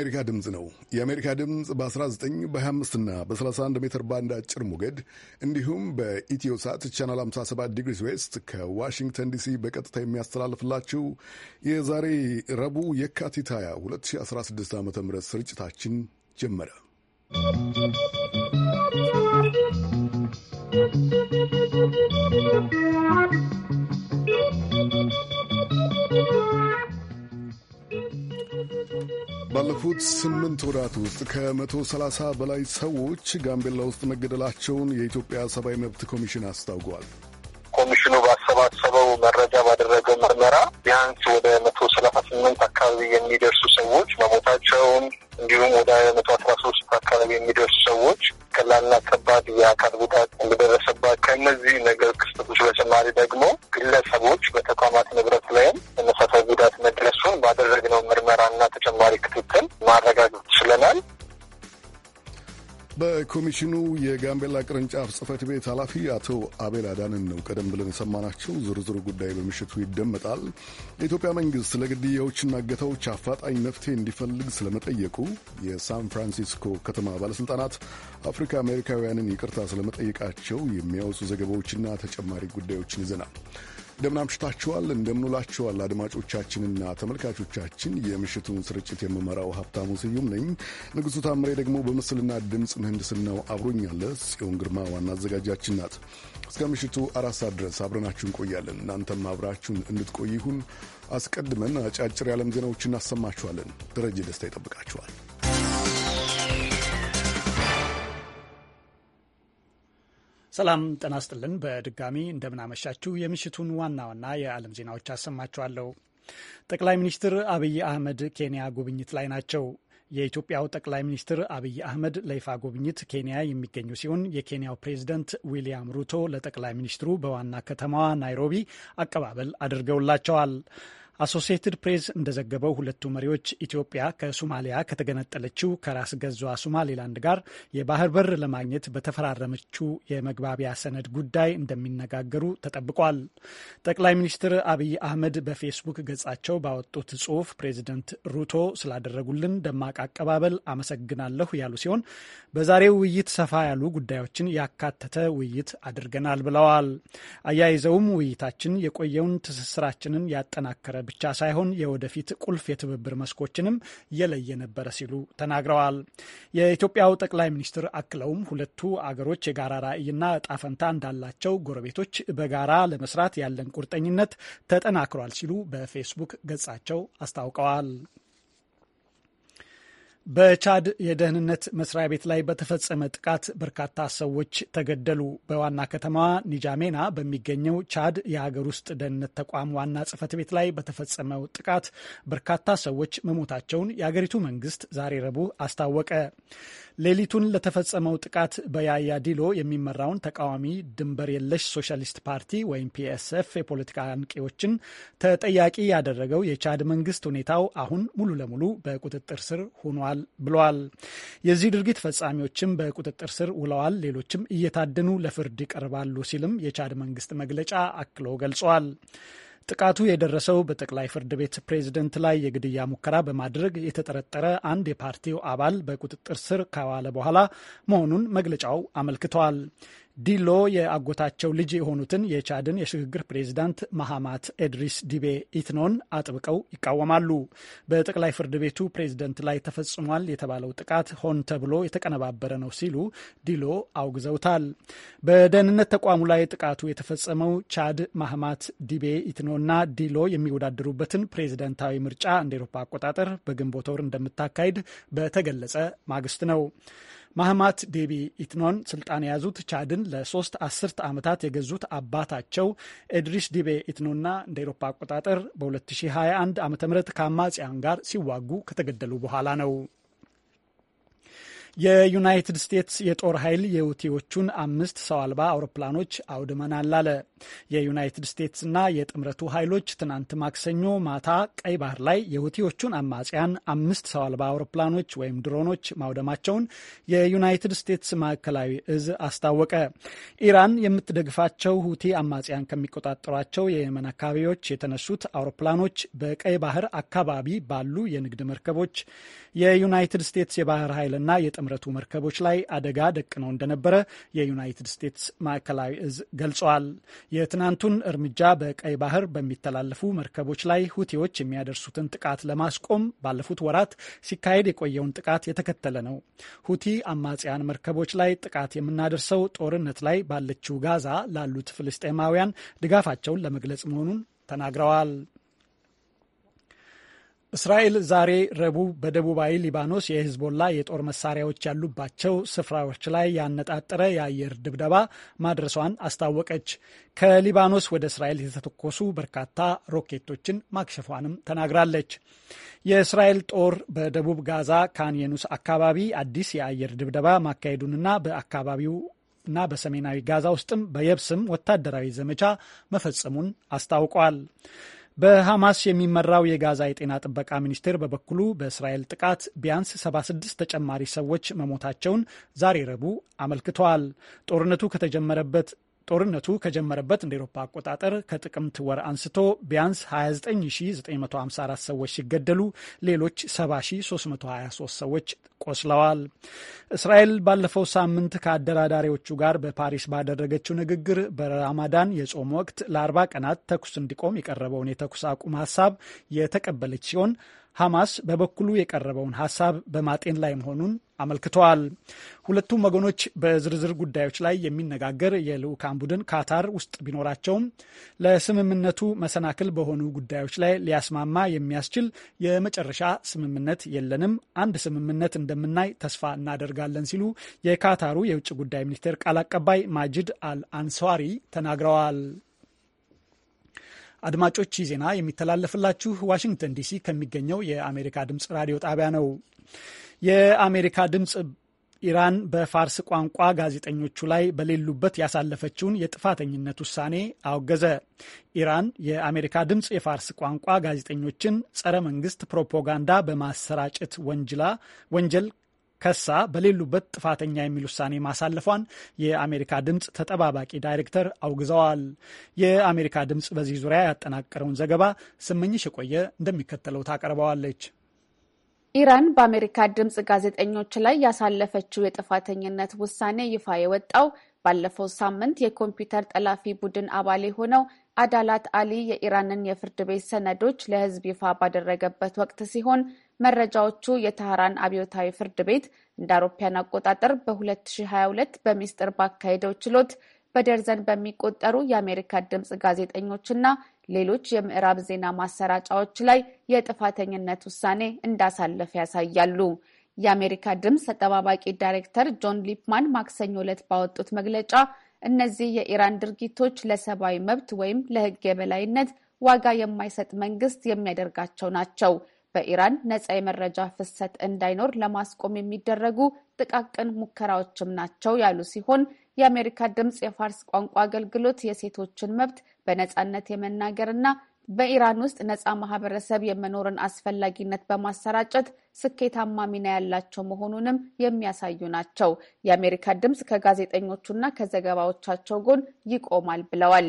የአሜሪካ ድምፅ ነው። የአሜሪካ ድምፅ በ19 በ25 እና በ31 ሜትር ባንድ አጭር ሞገድ እንዲሁም ሳት ቻናል 57 ዲግሪስ ዌስት ከዋሽንግተን ዲሲ በቀጥታ የሚያስተላልፍላችሁ የዛሬ ረቡዕ የካቲት 22 2016 ዓ ም ስርጭታችን ጀመረ። ባለፉት ስምንት ወራት ውስጥ ከ130 በላይ ሰዎች ጋምቤላ ውስጥ መገደላቸውን የኢትዮጵያ ሰብአዊ መብት ኮሚሽን አስታውቋል። ኮሚሽኑ ባሰባሰበው መረጃ ባደረ ምርመራ ቢያንስ ወደ መቶ ሰላሳ ስምንት አካባቢ የሚደርሱ ሰዎች መሞታቸውን እንዲሁም ወደ መቶ አስራ ሶስት አካባቢ የሚደርሱ ሰዎች ቀላልና ከባድ የአካል ጉዳት እንደደረሰባት ከእነዚህ ነገር ክስተቶች በተጨማሪ ደግሞ ግለሰቦች በተቋማት ንብረት ላይም ተመሳሳይ ጉዳት መድረሱን ባደረግነው ምርመራና ተጨማሪ ክትትል ማረጋገጥ ችለናል። በኮሚሽኑ የጋምቤላ ቅርንጫፍ ጽህፈት ቤት ኃላፊ አቶ አቤል አዳንን ነው ቀደም ብለን የሰማናቸው። ዝርዝሩ ጉዳይ በምሽቱ ይደመጣል። የኢትዮጵያ መንግሥት ለግድያዎችና እገታዎች አፋጣኝ መፍትሄ እንዲፈልግ ስለመጠየቁ፣ የሳን ፍራንሲስኮ ከተማ ባለሥልጣናት አፍሪካ አሜሪካውያንን ይቅርታ ስለመጠየቃቸው የሚያወሱ ዘገባዎችና ተጨማሪ ጉዳዮችን ይዘናል። እንደምናምሽታችኋል፣ እንደምንውላችኋል አድማጮቻችንና ተመልካቾቻችን። የምሽቱን ስርጭት የምመራው ሀብታሙ ስዩም ነኝ። ንጉሱ ታምሬ ደግሞ በምስልና ድምፅ ምህንድስናው አብሮኛለ። ጽዮን ግርማ ዋና አዘጋጃችን ናት። እስከ ምሽቱ አራት ሰዓት ድረስ አብረናችሁ እንቆያለን። እናንተም አብራችሁን እንድትቆይ ይሁን። አስቀድመን አጫጭር የዓለም ዜናዎችን እናሰማችኋለን። ደረጀ ደስታ ይጠብቃችኋል። ሰላም ጠናስጥልን። በድጋሚ እንደምናመሻችሁ የምሽቱን ዋና ዋና የዓለም ዜናዎች አሰማችኋለሁ። ጠቅላይ ሚኒስትር አብይ አህመድ ኬንያ ጉብኝት ላይ ናቸው። የኢትዮጵያው ጠቅላይ ሚኒስትር አብይ አህመድ ለይፋ ጉብኝት ኬንያ የሚገኙ ሲሆን የኬንያው ፕሬዝደንት ዊልያም ሩቶ ለጠቅላይ ሚኒስትሩ በዋና ከተማዋ ናይሮቢ አቀባበል አድርገውላቸዋል። አሶሲየትድ ፕሬስ እንደዘገበው ሁለቱ መሪዎች ኢትዮጵያ ከሶማሊያ ከተገነጠለችው ከራስ ገዟ ሶማሌላንድ ጋር የባህር በር ለማግኘት በተፈራረመችው የመግባቢያ ሰነድ ጉዳይ እንደሚነጋገሩ ተጠብቋል። ጠቅላይ ሚኒስትር አብይ አህመድ በፌስቡክ ገጻቸው ባወጡት ጽሑፍ ፕሬዚደንት ሩቶ ስላደረጉልን ደማቅ አቀባበል አመሰግናለሁ ያሉ ሲሆን በዛሬው ውይይት ሰፋ ያሉ ጉዳዮችን ያካተተ ውይይት አድርገናል ብለዋል። አያይዘውም ውይይታችን የቆየውን ትስስራችንን ያጠናከረ ብቻ ሳይሆን የወደፊት ቁልፍ የትብብር መስኮችንም የለየ ነበረ ሲሉ ተናግረዋል። የኢትዮጵያው ጠቅላይ ሚኒስትር አክለውም ሁለቱ አገሮች የጋራ ራዕይና እጣ ፈንታ እንዳላቸው ጎረቤቶች በጋራ ለመስራት ያለን ቁርጠኝነት ተጠናክሯል ሲሉ በፌስቡክ ገጻቸው አስታውቀዋል። በቻድ የደህንነት መስሪያ ቤት ላይ በተፈጸመ ጥቃት በርካታ ሰዎች ተገደሉ። በዋና ከተማዋ ኒጃሜና በሚገኘው ቻድ የሀገር ውስጥ ደህንነት ተቋም ዋና ጽህፈት ቤት ላይ በተፈጸመው ጥቃት በርካታ ሰዎች መሞታቸውን የአገሪቱ መንግስት ዛሬ ረቡዕ አስታወቀ። ሌሊቱን ለተፈጸመው ጥቃት በያያ ዲሎ የሚመራውን ተቃዋሚ ድንበር የለሽ ሶሻሊስት ፓርቲ ወይም ፒኤስኤፍ የፖለቲካ አንቂዎችን ተጠያቂ ያደረገው የቻድ መንግስት ሁኔታው አሁን ሙሉ ለሙሉ በቁጥጥር ስር ሆኗል ብለዋል። የዚህ ድርጊት ፈጻሚዎችም በቁጥጥር ስር ውለዋል፣ ሌሎችም እየታደኑ ለፍርድ ይቀርባሉ ሲልም የቻድ መንግስት መግለጫ አክሎ ገልጿል። ጥቃቱ የደረሰው በጠቅላይ ፍርድ ቤት ፕሬዝደንት ላይ የግድያ ሙከራ በማድረግ የተጠረጠረ አንድ የፓርቲው አባል በቁጥጥር ስር ከዋለ በኋላ መሆኑን መግለጫው አመልክተዋል። ዲሎ የአጎታቸው ልጅ የሆኑትን የቻድን የሽግግር ፕሬዚዳንት ማሃማት ኤድሪስ ዲቤ ኢትኖን አጥብቀው ይቃወማሉ። በጠቅላይ ፍርድ ቤቱ ፕሬዝደንት ላይ ተፈጽሟል የተባለው ጥቃት ሆን ተብሎ የተቀነባበረ ነው ሲሉ ዲሎ አውግዘውታል። በደህንነት ተቋሙ ላይ ጥቃቱ የተፈጸመው ቻድ ማህማት ዲቤ ኢትኖና ዲሎ የሚወዳደሩበትን ፕሬዝደንታዊ ምርጫ እንደ ኤሮፓ አቆጣጠር በግንቦት ወር እንደምታካሂድ በተገለጸ ማግስት ነው። ማህማት ዴቢ ኢትኖን ስልጣን የያዙት ቻድን ለሶስት አስርት ዓመታት የገዙት አባታቸው ኤድሪስ ዲቤ ኢትኖና እንደ ኤሮፓ አቆጣጠር በ2021 ዓ ም ከአማጽያን ጋር ሲዋጉ ከተገደሉ በኋላ ነው። የዩናይትድ ስቴትስ የጦር ኃይል የሁቲዎቹን አምስት ሰው አልባ አውሮፕላኖች አውድመናል አለ። የዩናይትድ ስቴትስና የጥምረቱ ኃይሎች ትናንት ማክሰኞ ማታ ቀይ ባህር ላይ የሁቲዎቹን አማጽያን አምስት ሰው አልባ አውሮፕላኖች ወይም ድሮኖች ማውደማቸውን የዩናይትድ ስቴትስ ማዕከላዊ እዝ አስታወቀ። ኢራን የምትደግፋቸው ሁቲ አማጽያን ከሚቆጣጠሯቸው የየመን አካባቢዎች የተነሱት አውሮፕላኖች በቀይ ባህር አካባቢ ባሉ የንግድ መርከቦች የዩናይትድ ስቴትስ የባህር ኃይልና የጥምረ በሚመረቱ መርከቦች ላይ አደጋ ደቅነው እንደነበረ የዩናይትድ ስቴትስ ማዕከላዊ እዝ ገልጸዋል። የትናንቱን እርምጃ በቀይ ባህር በሚተላለፉ መርከቦች ላይ ሁቲዎች የሚያደርሱትን ጥቃት ለማስቆም ባለፉት ወራት ሲካሄድ የቆየውን ጥቃት የተከተለ ነው። ሁቲ አማጽያን መርከቦች ላይ ጥቃት የምናደርሰው ጦርነት ላይ ባለችው ጋዛ ላሉት ፍልስጤማውያን ድጋፋቸውን ለመግለጽ መሆኑን ተናግረዋል። እስራኤል ዛሬ ረቡዕ በደቡባዊ ሊባኖስ የህዝቦላ የጦር መሳሪያዎች ያሉባቸው ስፍራዎች ላይ ያነጣጠረ የአየር ድብደባ ማድረሷን አስታወቀች። ከሊባኖስ ወደ እስራኤል የተተኮሱ በርካታ ሮኬቶችን ማክሸፏንም ተናግራለች። የእስራኤል ጦር በደቡብ ጋዛ ካንየኑስ አካባቢ አዲስ የአየር ድብደባ ማካሄዱንና በአካባቢው እና በሰሜናዊ ጋዛ ውስጥም በየብስም ወታደራዊ ዘመቻ መፈጸሙን አስታውቋል። በሐማስ የሚመራው የጋዛ የጤና ጥበቃ ሚኒስቴር በበኩሉ በእስራኤል ጥቃት ቢያንስ 76 ተጨማሪ ሰዎች መሞታቸውን ዛሬ ረቡዕ አመልክተዋል። ጦርነቱ ከተጀመረበት ጦርነቱ ከጀመረበት እንደ ኤሮፓ አቆጣጠር ከጥቅምት ወር አንስቶ ቢያንስ 29954 ሰዎች ሲገደሉ ሌሎች 70323 ሰዎች ቆስለዋል። እስራኤል ባለፈው ሳምንት ከአደራዳሪዎቹ ጋር በፓሪስ ባደረገችው ንግግር በራማዳን የጾም ወቅት ለአርባ ቀናት ተኩስ እንዲቆም የቀረበውን የተኩስ አቁም ሀሳብ የተቀበለች ሲሆን ሐማስ በበኩሉ የቀረበውን ሀሳብ በማጤን ላይ መሆኑን አመልክተዋል። ሁለቱም ወገኖች በዝርዝር ጉዳዮች ላይ የሚነጋገር የልዑካን ቡድን ካታር ውስጥ ቢኖራቸውም ለስምምነቱ መሰናክል በሆኑ ጉዳዮች ላይ ሊያስማማ የሚያስችል የመጨረሻ ስምምነት የለንም፣ አንድ ስምምነት እንደምናይ ተስፋ እናደርጋለን ሲሉ የካታሩ የውጭ ጉዳይ ሚኒስቴር ቃል አቀባይ ማጅድ አል አንሷሪ ተናግረዋል። አድማጮች ይህ ዜና የሚተላለፍላችሁ ዋሽንግተን ዲሲ ከሚገኘው የአሜሪካ ድምፅ ራዲዮ ጣቢያ ነው። የአሜሪካ ድምፅ ኢራን በፋርስ ቋንቋ ጋዜጠኞቹ ላይ በሌሉበት ያሳለፈችውን የጥፋተኝነት ውሳኔ አወገዘ። ኢራን የአሜሪካ ድምፅ የፋርስ ቋንቋ ጋዜጠኞችን ጸረ መንግስት ፕሮፓጋንዳ በማሰራጨት ወንጀል ከሳ በሌሉበት ጥፋተኛ የሚል ውሳኔ ማሳለፏን የአሜሪካ ድምፅ ተጠባባቂ ዳይሬክተር አውግዘዋል። የአሜሪካ ድምፅ በዚህ ዙሪያ ያጠናቀረውን ዘገባ ስመኝሽ የቆየ እንደሚከተለው ታቀርበዋለች። ኢራን በአሜሪካ ድምፅ ጋዜጠኞች ላይ ያሳለፈችው የጥፋተኝነት ውሳኔ ይፋ የወጣው ባለፈው ሳምንት የኮምፒውተር ጠላፊ ቡድን አባል የሆነው አዳላት አሊ የኢራንን የፍርድ ቤት ሰነዶች ለሕዝብ ይፋ ባደረገበት ወቅት ሲሆን መረጃዎቹ የተህራን አብዮታዊ ፍርድ ቤት እንደ አውሮፓያን አቆጣጠር በ2022 በሚስጥር ባካሄደው ችሎት በደርዘን በሚቆጠሩ የአሜሪካ ድምፅ ጋዜጠኞችና ሌሎች የምዕራብ ዜና ማሰራጫዎች ላይ የጥፋተኝነት ውሳኔ እንዳሳለፈ ያሳያሉ። የአሜሪካ ድምፅ ተጠባባቂ ዳይሬክተር ጆን ሊፕማን ማክሰኞ ዕለት ባወጡት መግለጫ እነዚህ የኢራን ድርጊቶች ለሰብአዊ መብት ወይም ለሕግ የበላይነት ዋጋ የማይሰጥ መንግስት የሚያደርጋቸው ናቸው። በኢራን ነጻ የመረጃ ፍሰት እንዳይኖር ለማስቆም የሚደረጉ ጥቃቅን ሙከራዎችም ናቸው ያሉ ሲሆን የአሜሪካ ድምፅ የፋርስ ቋንቋ አገልግሎት የሴቶችን መብት በነጻነት የመናገርና በኢራን ውስጥ ነፃ ማህበረሰብ የመኖርን አስፈላጊነት በማሰራጨት ስኬታማ ሚና ያላቸው መሆኑንም የሚያሳዩ ናቸው። የአሜሪካ ድምፅ ከጋዜጠኞቹና ከዘገባዎቻቸው ጎን ይቆማል ብለዋል።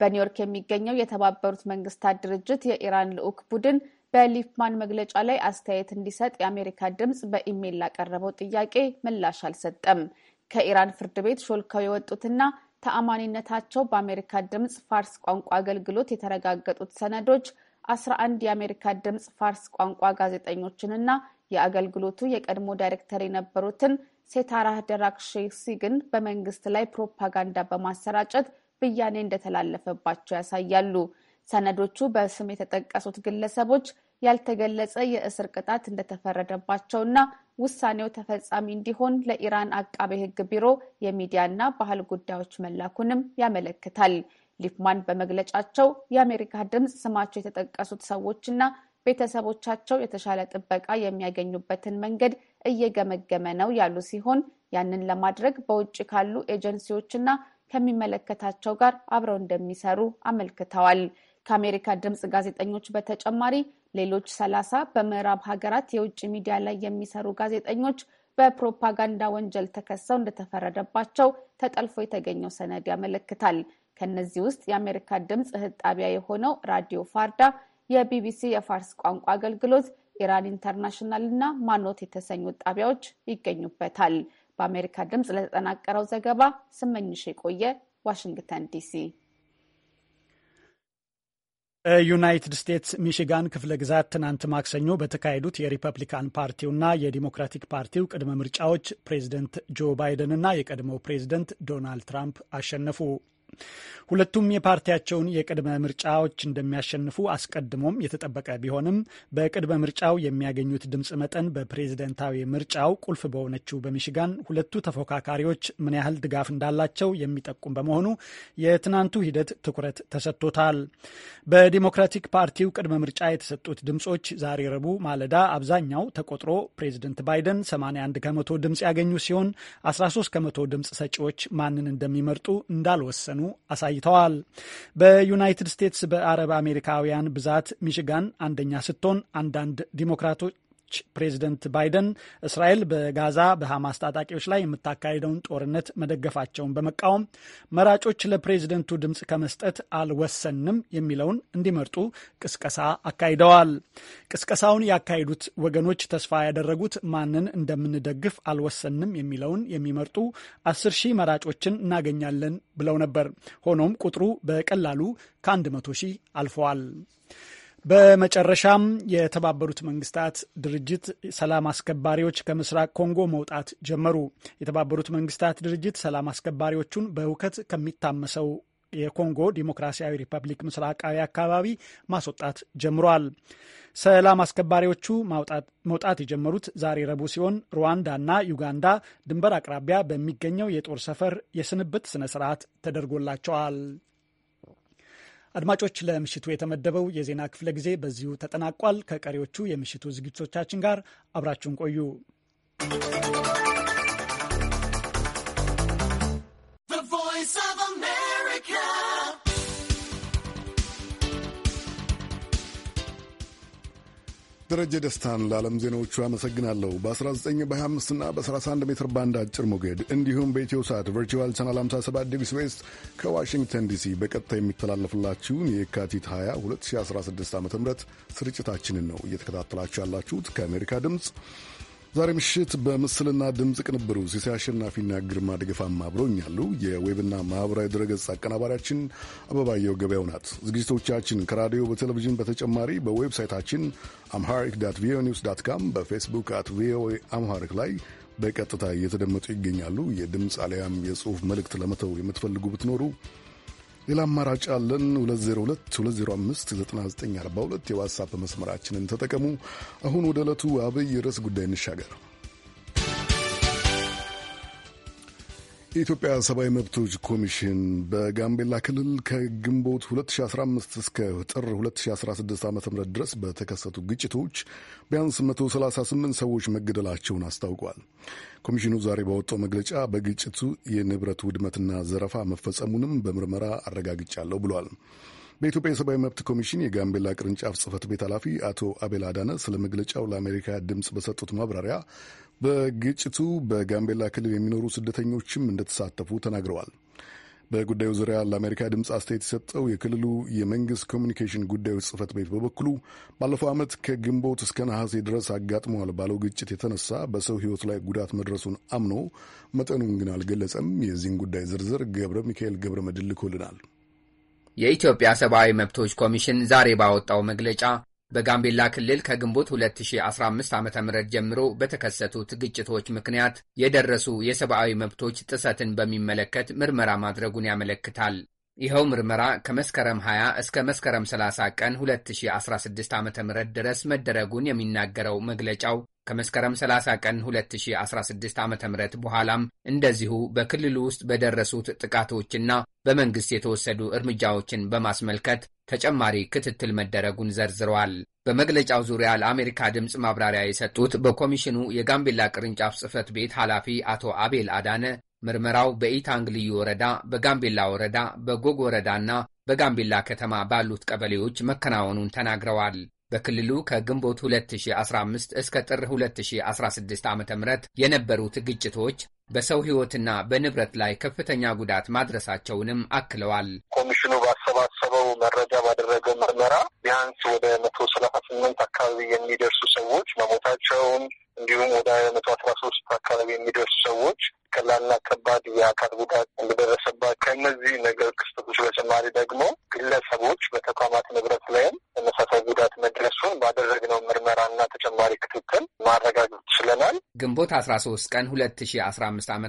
በኒውዮርክ የሚገኘው የተባበሩት መንግስታት ድርጅት የኢራን ልዑክ ቡድን በሊፍማን መግለጫ ላይ አስተያየት እንዲሰጥ የአሜሪካ ድምፅ በኢሜይል ላቀረበው ጥያቄ ምላሽ አልሰጠም። ከኢራን ፍርድ ቤት ሾልከው የወጡትና ተአማኒነታቸው በአሜሪካ ድምፅ ፋርስ ቋንቋ አገልግሎት የተረጋገጡት ሰነዶች 11 የአሜሪካ ድምፅ ፋርስ ቋንቋ ጋዜጠኞችንና የአገልግሎቱ የቀድሞ ዳይሬክተር የነበሩትን ሴታራህ ደራክሺ ግን በመንግስት ላይ ፕሮፓጋንዳ በማሰራጨት ብያኔ እንደተላለፈባቸው ያሳያሉ። ሰነዶቹ በስም የተጠቀሱት ግለሰቦች ያልተገለጸ የእስር ቅጣት እንደተፈረደባቸውና ውሳኔው ተፈጻሚ እንዲሆን ለኢራን አቃቤ ሕግ ቢሮ የሚዲያና ባህል ጉዳዮች መላኩንም ያመለክታል። ሊፍማን በመግለጫቸው የአሜሪካ ድምፅ ስማቸው የተጠቀሱት ሰዎችና ቤተሰቦቻቸው የተሻለ ጥበቃ የሚያገኙበትን መንገድ እየገመገመ ነው ያሉ ሲሆን ያንን ለማድረግ በውጭ ካሉ ኤጀንሲዎችና ከሚመለከታቸው ጋር አብረው እንደሚሰሩ አመልክተዋል። ከአሜሪካ ድምፅ ጋዜጠኞች በተጨማሪ ሌሎች ሰላሳ በምዕራብ ሀገራት የውጭ ሚዲያ ላይ የሚሰሩ ጋዜጠኞች በፕሮፓጋንዳ ወንጀል ተከሰው እንደተፈረደባቸው ተጠልፎ የተገኘው ሰነድ ያመለክታል። ከነዚህ ውስጥ የአሜሪካ ድምፅ እህት ጣቢያ የሆነው ራዲዮ ፋርዳ፣ የቢቢሲ የፋርስ ቋንቋ አገልግሎት፣ ኢራን ኢንተርናሽናል እና ማኖት የተሰኙ ጣቢያዎች ይገኙበታል። በአሜሪካ ድምፅ ለተጠናቀረው ዘገባ ስመኝሽ የቆየ ዋሽንግተን ዲሲ ዩናይትድ ስቴትስ ሚሽጋን ክፍለ ግዛት ትናንት ማክሰኞ በተካሄዱት የሪፐብሊካን ፓርቲውና የዲሞክራቲክ ፓርቲው ቅድመ ምርጫዎች ፕሬዚደንት ጆ ባይደንና የቀድሞው ፕሬዚደንት ዶናልድ ትራምፕ አሸነፉ። ሁለቱም የፓርቲያቸውን የቅድመ ምርጫዎች እንደሚያሸንፉ አስቀድሞም የተጠበቀ ቢሆንም በቅድመ ምርጫው የሚያገኙት ድምፅ መጠን በፕሬዝደንታዊ ምርጫው ቁልፍ በሆነችው በሚሽጋን ሁለቱ ተፎካካሪዎች ምን ያህል ድጋፍ እንዳላቸው የሚጠቁም በመሆኑ የትናንቱ ሂደት ትኩረት ተሰጥቶታል። በዲሞክራቲክ ፓርቲው ቅድመ ምርጫ የተሰጡት ድምፆች ዛሬ ረቡዕ ማለዳ አብዛኛው ተቆጥሮ ፕሬዝደንት ባይደን 81 ከመቶ ድምፅ ያገኙ ሲሆን 13 ከመቶ ድምፅ ሰጪዎች ማንን እንደሚመርጡ እንዳልወሰኑ እንደሆኑ አሳይተዋል። በዩናይትድ ስቴትስ በአረብ አሜሪካውያን ብዛት ሚሽጋን አንደኛ ስትሆን አንዳንድ ዲሞክራቶች ፕሬዚደንት ባይደን እስራኤል በጋዛ በሐማስ ታጣቂዎች ላይ የምታካሄደውን ጦርነት መደገፋቸውን በመቃወም መራጮች ለፕሬዚደንቱ ድምፅ ከመስጠት አልወሰንም የሚለውን እንዲመርጡ ቅስቀሳ አካሂደዋል። ቅስቀሳውን ያካሄዱት ወገኖች ተስፋ ያደረጉት ማንን እንደምንደግፍ አልወሰንም የሚለውን የሚመርጡ አስር ሺህ መራጮችን እናገኛለን ብለው ነበር። ሆኖም ቁጥሩ በቀላሉ ከአንድ መቶ ሺህ አልፈዋል። በመጨረሻም የተባበሩት መንግስታት ድርጅት ሰላም አስከባሪዎች ከምስራቅ ኮንጎ መውጣት ጀመሩ። የተባበሩት መንግስታት ድርጅት ሰላም አስከባሪዎቹን በሁከት ከሚታመሰው የኮንጎ ዲሞክራሲያዊ ሪፐብሊክ ምስራቃዊ አካባቢ ማስወጣት ጀምሯል። ሰላም አስከባሪዎቹ መውጣት የጀመሩት ዛሬ ረቡዕ ሲሆን እና ዩጋንዳ ድንበር አቅራቢያ በሚገኘው የጦር ሰፈር የስንብት ስነ ስርዓት ተደርጎላቸዋል። አድማጮች፣ ለምሽቱ የተመደበው የዜና ክፍለ ጊዜ በዚሁ ተጠናቋል። ከቀሪዎቹ የምሽቱ ዝግጅቶቻችን ጋር አብራችሁን ቆዩ። ደረጀ ደስታን ለዓለም ዜናዎቹ አመሰግናለሁ። በ19 በ25 እና በ31 ሜትር ባንድ አጭር ሞገድ እንዲሁም በኢትዮ ሰዓት ቨርቹዋል ቻናል 57 ዲግሪ ዌስት ከዋሽንግተን ዲሲ በቀጥታ የሚተላለፍላችሁን የካቲት 20 2016 ዓ ም ስርጭታችንን ነው እየተከታተላችሁ ያላችሁት ከአሜሪካ ድምፅ ዛሬ ምሽት በምስልና ድምፅ ቅንብሩ ሲሴ አሸናፊና ግርማ ደገፋም አብረውኛሉ። የዌብና ማኅበራዊ ድረገጽ አቀናባሪያችን አበባየው ገበያው ናት። ዝግጅቶቻችን ከራዲዮ በቴሌቪዥን በተጨማሪ በዌብሳይታችን አምሃሪክ ዳት ቪኦኤ ኒውስ ዳት ካም፣ በፌስቡክ አት ቪኦኤ አምሃሪክ ላይ በቀጥታ እየተደመጡ ይገኛሉ። የድምፅ አሊያም የጽሑፍ መልእክት ለመተው የምትፈልጉ ብትኖሩ ሌላ አማራጭ አለን። 2022059942 የዋትሳፕ መስመራችንን ተጠቀሙ። አሁን ወደ ዕለቱ አብይ ርዕስ ጉዳይ እንሻገር። የኢትዮጵያ ሰብአዊ መብቶች ኮሚሽን በጋምቤላ ክልል ከግንቦት 2015 እስከ ጥር 2016 ዓ ም ድረስ በተከሰቱ ግጭቶች ቢያንስ 138 ሰዎች መገደላቸውን አስታውቋል። ኮሚሽኑ ዛሬ ባወጣው መግለጫ በግጭቱ የንብረት ውድመትና ዘረፋ መፈጸሙንም በምርመራ አረጋግጫለሁ ብሏል። በኢትዮጵያ የሰብአዊ መብት ኮሚሽን የጋምቤላ ቅርንጫፍ ጽህፈት ቤት ኃላፊ አቶ አቤል አዳነ ስለ መግለጫው ለአሜሪካ ድምፅ በሰጡት ማብራሪያ በግጭቱ በጋምቤላ ክልል የሚኖሩ ስደተኞችም እንደተሳተፉ ተናግረዋል። በጉዳዩ ዙሪያ ለአሜሪካ ድምፅ አስተያየት የሰጠው የክልሉ የመንግስት ኮሚኒኬሽን ጉዳዮች ጽህፈት ቤት በበኩሉ ባለፈው ዓመት ከግንቦት እስከ ነሐሴ ድረስ አጋጥመዋል ባለው ግጭት የተነሳ በሰው ሕይወት ላይ ጉዳት መድረሱን አምኖ መጠኑን ግን አልገለጸም። የዚህን ጉዳይ ዝርዝር ገብረ ሚካኤል ገብረ መድን ልኮልናል። የኢትዮጵያ ሰብአዊ መብቶች ኮሚሽን ዛሬ ባወጣው መግለጫ በጋምቤላ ክልል ከግንቦት 2015 ዓ ም ጀምሮ በተከሰቱት ግጭቶች ምክንያት የደረሱ የሰብአዊ መብቶች ጥሰትን በሚመለከት ምርመራ ማድረጉን ያመለክታል። ይኸው ምርመራ ከመስከረም 20 እስከ መስከረም 30 ቀን 2016 ዓ ም ድረስ መደረጉን የሚናገረው መግለጫው ከመስከረም 30 ቀን 2016 ዓ ም በኋላም እንደዚሁ በክልሉ ውስጥ በደረሱት ጥቃቶችና በመንግሥት የተወሰዱ እርምጃዎችን በማስመልከት ተጨማሪ ክትትል መደረጉን ዘርዝረዋል። በመግለጫው ዙሪያ ለአሜሪካ ድምፅ ማብራሪያ የሰጡት በኮሚሽኑ የጋምቤላ ቅርንጫፍ ጽፈት ቤት ኃላፊ አቶ አቤል አዳነ ምርመራው በኢታንግ ልዩ ወረዳ፣ በጋምቤላ ወረዳ፣ በጎግ ወረዳና በጋምቤላ ከተማ ባሉት ቀበሌዎች መከናወኑን ተናግረዋል። በክልሉ ከግንቦት 2015 እስከ ጥር 2016 ዓ ም የነበሩት ግጭቶች በሰው ሕይወትና በንብረት ላይ ከፍተኛ ጉዳት ማድረሳቸውንም አክለዋል። ኮሚሽኑ ባሰባሰበው መረጃ ባደረገው ምርመራ ቢያንስ ወደ መቶ ሰላሳ ስምንት አካባቢ የሚደርሱ ሰዎች መሞታቸውን እንዲሁም ወደ መቶ አስራ ሶስት አካባቢ የሚደርሱ ሰዎች ቀላልና ከባድ የአካል ጉዳት እንደደረሰባት ከእነዚህ ነገር ክስተቶች በተጨማሪ ደግሞ ግለሰቦች በተቋማት ንብረት ላይም ተመሳሳይ ጉዳት መድረሱን ባደረግነው ምርመራና ተጨማሪ ክትትል ማረጋገጥ ችለናል። ግንቦት 13 ቀን 2015 ዓ ም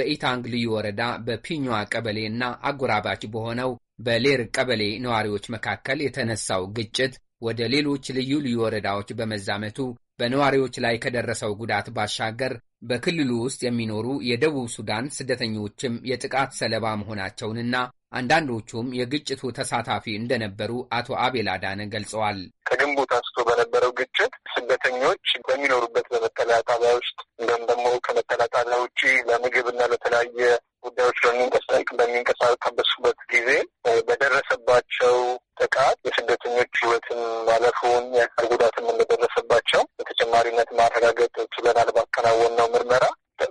በኢታንግ ልዩ ወረዳ በፒኛ ቀበሌ እና አጎራባች በሆነው በሌር ቀበሌ ነዋሪዎች መካከል የተነሳው ግጭት ወደ ሌሎች ልዩ ልዩ ወረዳዎች በመዛመቱ በነዋሪዎች ላይ ከደረሰው ጉዳት ባሻገር በክልሉ ውስጥ የሚኖሩ የደቡብ ሱዳን ስደተኞችም የጥቃት ሰለባ መሆናቸውንና አንዳንዶቹም የግጭቱ ተሳታፊ እንደነበሩ አቶ አቤል አዳነ ገልጸዋል። ከግንቦት አንስቶ በነበረው ግጭት ስደተኞች በሚኖሩበት በመጠለያ ጣቢያ ውስጥ እንዲሁም ደግሞ ከመጠለያ ጣቢያ ውጪ ለምግብና ለተለያየ ጉዳዮች በሚንቀሳቀ በሚንቀሳቀሱበት ጊዜ በደረሰባቸው ጥቃት የስደተኞች ህይወትን ማለፉን የአካል ጉዳትም እንደደረሰባቸው በተጨማሪነት ማረጋገጥ ችለናል ነው ምርመራ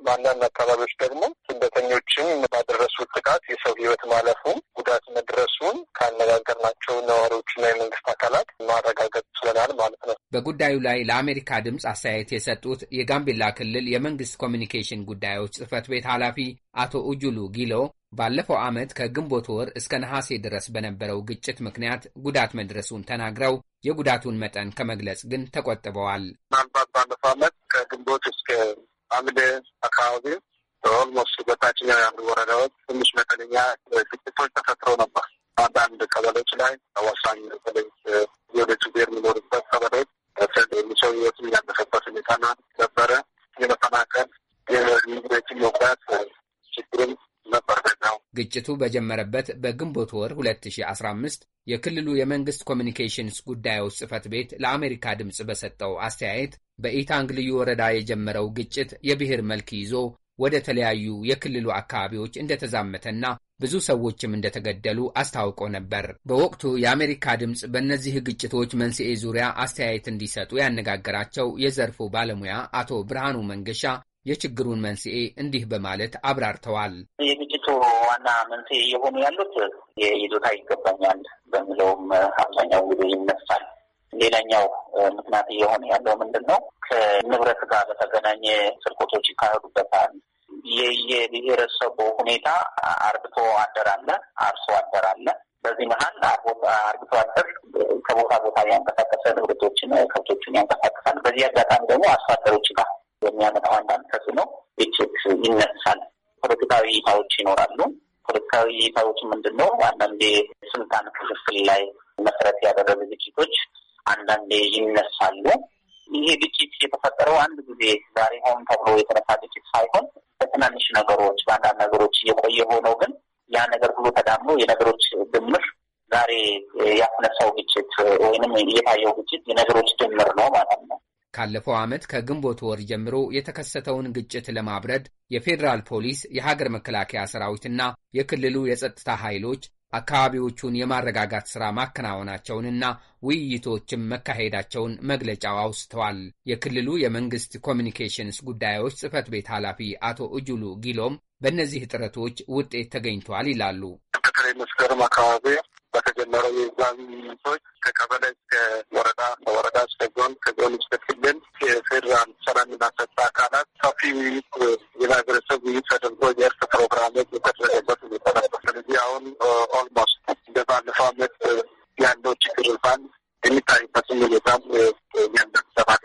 በአንዳንድ አካባቢዎች ደግሞ ስደተኞችን ባደረሱት ጥቃት የሰው ህይወት ማለፉን ጉዳት መድረሱን ካነጋገርናቸው ነዋሪዎችና የመንግስት አካላት ማረጋገጥ ችለናል ማለት ነው። በጉዳዩ ላይ ለአሜሪካ ድምፅ አስተያየት የሰጡት የጋምቤላ ክልል የመንግስት ኮሚኒኬሽን ጉዳዮች ጽህፈት ቤት ኃላፊ አቶ እጁሉ ጊሎ ባለፈው ዓመት ከግንቦት ወር እስከ ነሐሴ ድረስ በነበረው ግጭት ምክንያት ጉዳት መድረሱን ተናግረው የጉዳቱን መጠን ከመግለጽ ግን ተቆጥበዋል። ምናልባት ባለፈው ዓመት ከግንቦት እስከ አግደ አካባቢ ኦልሞስት በታችኛው ያሉ ወረዳዎች ትንሽ መጠነኛ ግጭቶች ተፈጥሮ ነበር። አንዳንድ ቀበሌዎች ላይ አዋሳኝ በተለይ የወደቱ ብሔር የሚኖሩበት ቀበሌዎች ሰው ህይወት ያለፈበት ሁኔታና ነበረ። የመፈናቀል የሚግሬሽን መውጣት ችግርም ነበር። ግጭቱ በጀመረበት በግንቦት ወር 2015 የክልሉ የመንግስት ኮሚኒኬሽንስ ጉዳዮች ጽህፈት ቤት ለአሜሪካ ድምፅ በሰጠው አስተያየት በኢታንግ ልዩ ወረዳ የጀመረው ግጭት የብሔር መልክ ይዞ ወደ ተለያዩ የክልሉ አካባቢዎች እንደተዛመተና ብዙ ሰዎችም እንደተገደሉ አስታውቆ ነበር። በወቅቱ የአሜሪካ ድምፅ በእነዚህ ግጭቶች መንስኤ ዙሪያ አስተያየት እንዲሰጡ ያነጋገራቸው የዘርፉ ባለሙያ አቶ ብርሃኑ መንገሻ የችግሩን መንስኤ እንዲህ በማለት አብራርተዋል። የግጭቱ ዋና መንስኤ የሆኑ ያሉት የይዞታ ይገባኛል በሚለውም አብዛኛው ጊዜ ይነሳል። ሌላኛው ምክንያት እየሆነ ያለው ምንድን ነው? ከንብረት ጋር በተገናኘ ስርቆቶች ይካሄዱበታል። የየብሔረሰቡ ሁኔታ አርብቶ አደር አለ፣ አርሶ አደር አለ። በዚህ መሀል አርብቶ አደር ከቦታ ቦታ ያንቀሳቀሰ ንብረቶችን፣ ከብቶችን ያንቀሳቀሳል። በዚህ አጋጣሚ ደግሞ አርሶ አደሮች ጋር የሚያመጣው አንዳንድ ተጽዕኖ ግጭት ይነሳል። ፖለቲካዊ እይታዎች ይኖራሉ። ፖለቲካዊ እይታዎች ምንድን ነው? አንዳንዴ ስልጣን ክፍፍል ላይ መሰረት ያደረገ ግጭቶች አንዳንዴ ይነሳሉ። ይሄ ግጭት የተፈጠረው አንድ ጊዜ ዛሬ ሆን ተብሎ የተነሳ ግጭት ሳይሆን በትናንሽ ነገሮች፣ በአንዳንድ ነገሮች እየቆየ ሆነው ግን ያ ነገር ሁሉ ተዳምሮ የነገሮች ድምር ዛሬ ያስነሳው ግጭት ወይንም እየታየው ግጭት የነገሮች ድምር ነው ማለት ነው። ካለፈው ዓመት ከግንቦት ወር ጀምሮ የተከሰተውን ግጭት ለማብረድ የፌዴራል ፖሊስ፣ የሀገር መከላከያ ሰራዊትና የክልሉ የጸጥታ ኃይሎች አካባቢዎቹን የማረጋጋት ሥራ ማከናወናቸውንና ውይይቶችም መካሄዳቸውን መግለጫው አውስተዋል። የክልሉ የመንግሥት ኮሚኒኬሽንስ ጉዳዮች ጽሕፈት ቤት ኃላፊ አቶ እጁሉ ጊሎም በእነዚህ ጥረቶች ውጤት ተገኝቷል ይላሉ። በተለይ መስከረም አካባቢ በተጀመረው የዛን ውይይቶች ከቀበሌ እስከ ወረዳ፣ ከወረዳ እስከ ዞን፣ ከዞን እስከ ክልል የፌዴራል ሰላምና ጸጥታ አካላት ሰፊ ውይይት የማህበረሰብ ውይይት ተደርጎ የእርስ ፕሮግራሞች የተደረገበት ሁኔታ ነበር። ስለዚህ አሁን ኦልሞስት እንደ ባለፈው አመት ያለው ችግር እንኳን የሚታይበትን ሁኔታም ያንደሰባት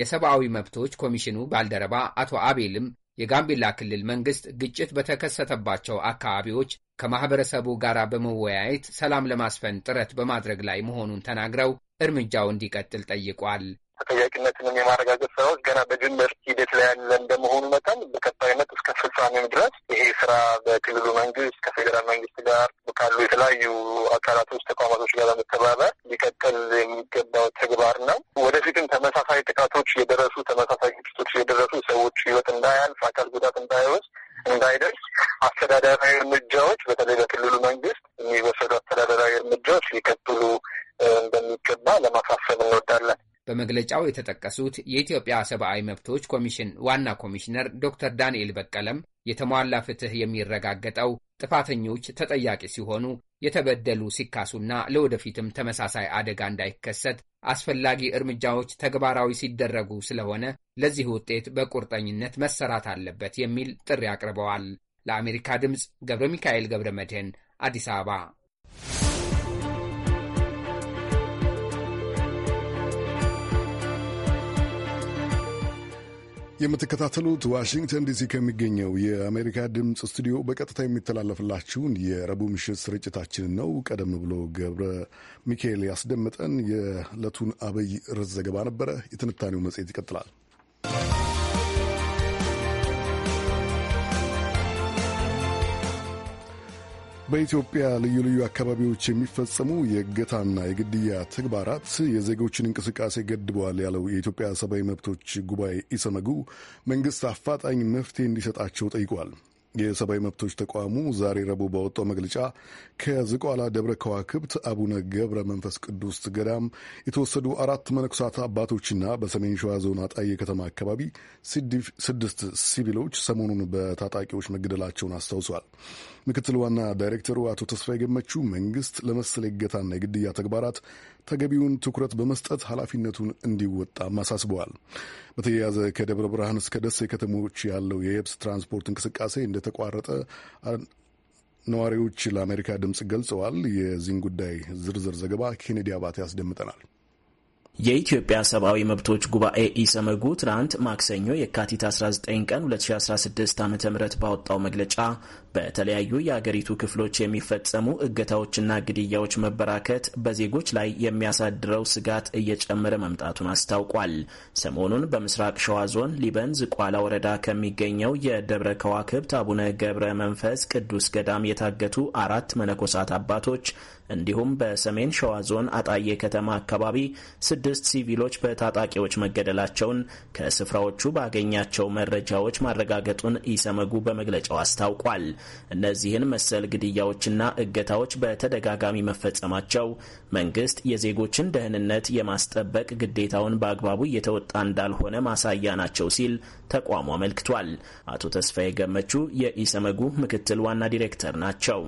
የሰብአዊ መብቶች ኮሚሽኑ ባልደረባ አቶ አቤልም የጋምቤላ ክልል መንግስት ግጭት በተከሰተባቸው አካባቢዎች ከማኅበረሰቡ ጋር በመወያየት ሰላም ለማስፈን ጥረት በማድረግ ላይ መሆኑን ተናግረው እርምጃው እንዲቀጥል ጠይቋል። ተጠያቂነትንም የማረጋገጥ ስራዎች ገና በጅምር ሂደት ላይ ያለ እንደመሆኑ መጠን በቀጣይነት እስከ ፍጻሜም ድረስ ይሄ ስራ በክልሉ መንግስት ከፌዴራል መንግስት ጋር ካሉ የተለያዩ አካላቶች፣ ተቋማቶች ጋር በመተባበር ሊቀጥል የሚገባው ተግባር ነው። ወደፊትም ተመሳሳይ ጥቃቶች የደረሱ ተመሳሳይ ግጭቶች የደረሱ ሰዎች ህይወት እንዳያልፍ አካል ጉዳት እንዳይወስድ እንዳይደርስ አስተዳደራዊ እርምጃዎች በተለይ በክልሉ መንግስት የሚወሰዱ አስተዳደራዊ እርምጃዎች ሊቀጥሉ እንደሚገባ ለማሳሰብ እንወዳለን። በመግለጫው የተጠቀሱት የኢትዮጵያ ሰብአዊ መብቶች ኮሚሽን ዋና ኮሚሽነር ዶክተር ዳንኤል በቀለም የተሟላ ፍትህ የሚረጋገጠው ጥፋተኞች ተጠያቂ ሲሆኑ፣ የተበደሉ ሲካሱና ለወደፊትም ተመሳሳይ አደጋ እንዳይከሰት አስፈላጊ እርምጃዎች ተግባራዊ ሲደረጉ ስለሆነ ለዚህ ውጤት በቁርጠኝነት መሰራት አለበት የሚል ጥሪ አቅርበዋል። ለአሜሪካ ድምፅ ገብረ ሚካኤል ገብረ መድህን አዲስ አበባ የምትከታተሉት ዋሽንግተን ዲሲ ከሚገኘው የአሜሪካ ድምፅ ስቱዲዮ በቀጥታ የሚተላለፍላችሁን የረቡዕ ምሽት ስርጭታችንን ነው። ቀደም ብሎ ገብረ ሚካኤል ያስደመጠን የዕለቱን አበይ ርዕስ ዘገባ ነበረ። የትንታኔው መጽሔት ይቀጥላል። በኢትዮጵያ ልዩ ልዩ አካባቢዎች የሚፈጸሙ የእገታና የግድያ ተግባራት የዜጎችን እንቅስቃሴ ገድበዋል ያለው የኢትዮጵያ ሰብአዊ መብቶች ጉባኤ ኢሰመጉ መንግስት አፋጣኝ መፍትሄ እንዲሰጣቸው ጠይቋል። የሰብአዊ መብቶች ተቋሙ ዛሬ ረቡዕ ባወጣው መግለጫ ከዝቋላ ደብረ ከዋክብት አቡነ ገብረ መንፈስ ቅዱስ ገዳም የተወሰዱ አራት መነኩሳት አባቶችና በሰሜን ሸዋ ዞን አጣዬ ከተማ አካባቢ ስድስት ሲቪሎች ሰሞኑን በታጣቂዎች መገደላቸውን አስታውሷል። ምክትል ዋና ዳይሬክተሩ አቶ ተስፋ ገመቹ መንግስት ለመሰለ የእገታና የግድያ ተግባራት ተገቢውን ትኩረት በመስጠት ኃላፊነቱን እንዲወጣም አሳስበዋል። በተያያዘ ከደብረ ብርሃን እስከ ደሴ ከተሞች ያለው የየብስ ትራንስፖርት እንቅስቃሴ እንደተቋረጠ ነዋሪዎች ለአሜሪካ ድምፅ ገልጸዋል። የዚህን ጉዳይ ዝርዝር ዘገባ ኬኔዲ አባቴ ያስደምጠናል። የኢትዮጵያ ሰብአዊ መብቶች ጉባኤ ኢሰመጉ ትናንት ማክሰኞ የካቲት 19 ቀን 2016 ዓ ም ባወጣው መግለጫ በተለያዩ የአገሪቱ ክፍሎች የሚፈጸሙ እገታዎችና ግድያዎች መበራከት በዜጎች ላይ የሚያሳድረው ስጋት እየጨመረ መምጣቱን አስታውቋል። ሰሞኑን በምስራቅ ሸዋ ዞን ሊበን ዝቋላ ወረዳ ከሚገኘው የደብረ ከዋክብት አቡነ ገብረ መንፈስ ቅዱስ ገዳም የታገቱ አራት መነኮሳት አባቶች እንዲሁም በሰሜን ሸዋ ዞን አጣዬ ከተማ አካባቢ ስድስት ሲቪሎች በታጣቂዎች መገደላቸውን ከስፍራዎቹ ባገኛቸው መረጃዎች ማረጋገጡን ኢሰመጉ በመግለጫው አስታውቋል። እነዚህን መሰል ግድያዎችና እገታዎች በተደጋጋሚ መፈጸማቸው መንግስት የዜጎችን ደህንነት የማስጠበቅ ግዴታውን በአግባቡ እየተወጣ እንዳልሆነ ማሳያ ናቸው ሲል ተቋሙ አመልክቷል። አቶ ተስፋዬ ገመቹ የኢሰመጉ ምክትል ዋና ዲሬክተር ናቸው።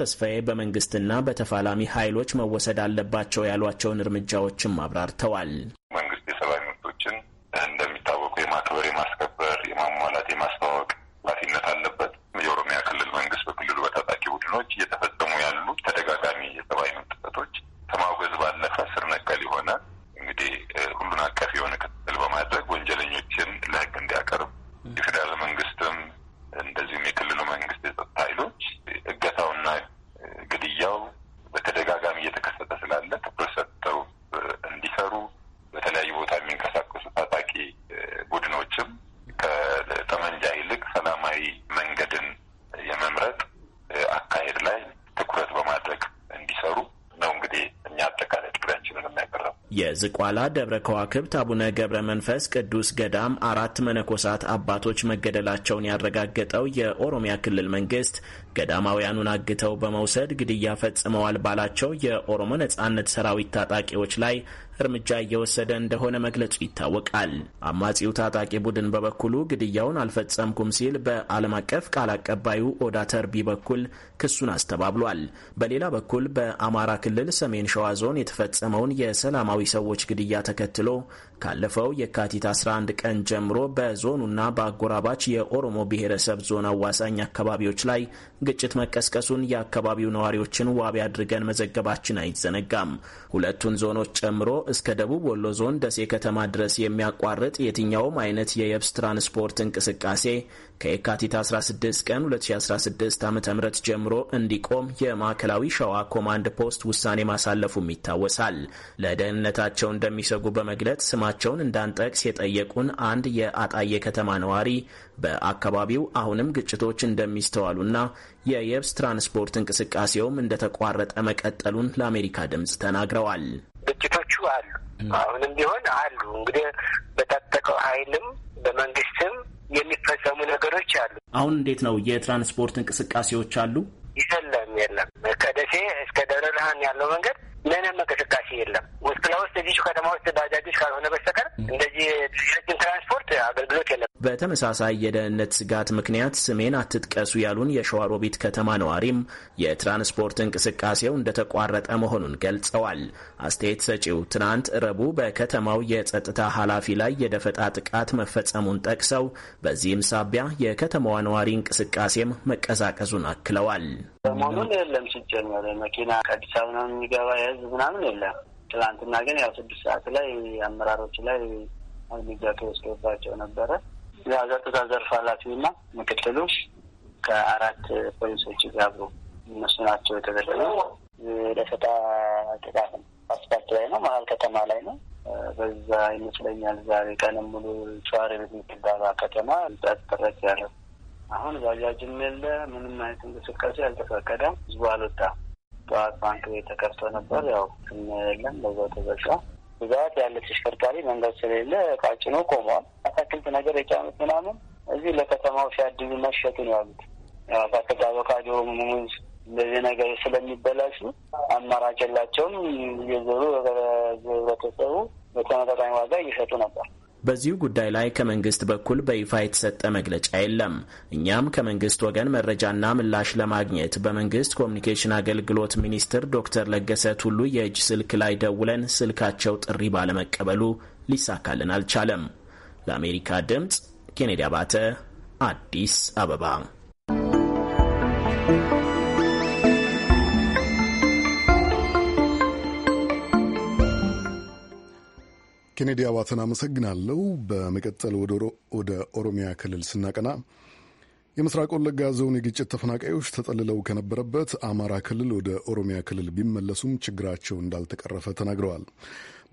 ተስፋዬ በመንግስትና በተፋላሚ ኃይሎች መወሰድ አለባቸው ያሏቸውን እርምጃዎችም አብራርተዋል። ዝቋላ ደብረ ከዋክብት አቡነ ገብረ መንፈስ ቅዱስ ገዳም አራት መነኮሳት አባቶች መገደላቸውን ያረጋገጠው የኦሮሚያ ክልል መንግስት ገዳማውያኑን አግተው በመውሰድ ግድያ ፈጽመዋል ባላቸው የኦሮሞ ነጻነት ሰራዊት ታጣቂዎች ላይ እርምጃ እየወሰደ እንደሆነ መግለጹ ይታወቃል። አማጺው ታጣቂ ቡድን በበኩሉ ግድያውን አልፈጸምኩም ሲል በዓለም አቀፍ ቃል አቀባዩ ኦዳ ተርቢ በኩል ክሱን አስተባብሏል። በሌላ በኩል በአማራ ክልል ሰሜን ሸዋ ዞን የተፈጸመውን የሰላማዊ ሰዎች ግድያ ተከትሎ ካለፈው የካቲት 11 ቀን ጀምሮ በዞኑና በአጎራባች የኦሮሞ ብሔረሰብ ዞን አዋሳኝ አካባቢዎች ላይ ግጭት መቀስቀሱን የአካባቢው ነዋሪዎችን ዋቢ አድርገን መዘገባችን አይዘነጋም። ሁለቱን ዞኖች ጨምሮ እስከ ደቡብ ወሎ ዞን ደሴ ከተማ ድረስ የሚያቋርጥ የትኛውም አይነት የየብስ ትራንስፖርት እንቅስቃሴ ከየካቲት 16 ቀን 2016 ዓ ም ጀምሮ እንዲቆም የማዕከላዊ ሸዋ ኮማንድ ፖስት ውሳኔ ማሳለፉም ይታወሳል። ለደህንነታቸው እንደሚሰጉ በመግለጽ ስማ ስማቸውን እንዳንጠቅስ የጠየቁን አንድ የአጣየ ከተማ ነዋሪ በአካባቢው አሁንም ግጭቶች እንደሚስተዋሉና የየብስ ትራንስፖርት እንቅስቃሴውም እንደተቋረጠ መቀጠሉን ለአሜሪካ ድምፅ ተናግረዋል። ግጭቶቹ አሉ፣ አሁንም ቢሆን አሉ። እንግዲህ በታጠቀው ኃይልም በመንግስትም የሚፈጸሙ ነገሮች አሉ። አሁን እንዴት ነው የትራንስፖርት እንቅስቃሴዎች አሉ? ይሰለም የለም። ከደሴ እስከ ደብረ ብርሃን ያለው መንገድ ምንም እንቅስቃሴ የለም። ውስጥ ለውስጥ እዚሁ ከተማ ውስጥ ባጃጆች ካልሆነ በስተቀር እንደዚህ ረጅም ትራንስፖርት አገልግሎት የለም። በተመሳሳይ የደህንነት ስጋት ምክንያት ስሜን አትጥቀሱ ያሉን የሸዋሮቢት ከተማ ነዋሪም የትራንስፖርት እንቅስቃሴው እንደተቋረጠ መሆኑን ገልጸዋል። አስተያየት ሰጪው ትናንት ረቡዕ በከተማው የጸጥታ ኃላፊ ላይ የደፈጣ ጥቃት መፈጸሙን ጠቅሰው በዚህም ሳቢያ የከተማዋ ነዋሪ እንቅስቃሴም መቀዛቀዙን አክለዋል። ሰሞኑን የለም ሲጀመር መኪና ከአዲስ አበባ የሚገባ ህዝብ ምናምን የለም። ትላንትና ግን ያው ስድስት ሰዓት ላይ አመራሮች ላይ እርምጃ ተወስዶባቸው ነበረ። የጸጥታ ዘርፍ ኃላፊውና ምክትሉ ከአራት ፖሊሶች ጋር እነሱ ናቸው የተደረገ የደፈጣ ጥቃት ነው። አስፓልት ላይ ነው፣ መሀል ከተማ ላይ ነው። በዛ ይመስለኛል ዛሬ ቀንም ሙሉ ጨዋሪ ቤት የምትባባ ከተማ ጸጥ ጥረት ያለው አሁን ባጃጅም የለ ምንም አይነት እንቅስቃሴ አልተፈቀደም። ህዝቡ አልወጣም። ጠዋት ባንክ ቤት ተከፍቶ ነበር። ያው የለም በዛው ተዘጋ። ብዛት ያለ ተሽከርካሪ መንገድ ስለሌለ ቃጭኖ ቆመዋል። አታክልት ነገር የጫኑት ምናምን እዚህ ለከተማው ሲያድሉ መሸጡ ነው ያሉት። አታክልት፣ አቮካዶ፣ ሙዝ እንደዚህ ነገር ስለሚበላሹ አማራጭ የላቸውም። እየዞሩ ህብረተሰቡ በተመጣጣኝ ዋጋ እየሸጡ ነበር። በዚሁ ጉዳይ ላይ ከመንግስት በኩል በይፋ የተሰጠ መግለጫ የለም። እኛም ከመንግስት ወገን መረጃና ምላሽ ለማግኘት በመንግስት ኮሚኒኬሽን አገልግሎት ሚኒስትር ዶክተር ለገሰ ቱሉ የእጅ ስልክ ላይ ደውለን ስልካቸው ጥሪ ባለመቀበሉ ሊሳካልን አልቻለም። ለአሜሪካ ድምፅ ኬኔዲ አባተ አዲስ አበባ ኬኔዲ አባተን አመሰግናለሁ። በመቀጠል ወደ ኦሮሚያ ክልል ስናቀና የምስራቅ ወለጋ ዞን የግጭት ተፈናቃዮች ተጠልለው ከነበረበት አማራ ክልል ወደ ኦሮሚያ ክልል ቢመለሱም ችግራቸው እንዳልተቀረፈ ተናግረዋል።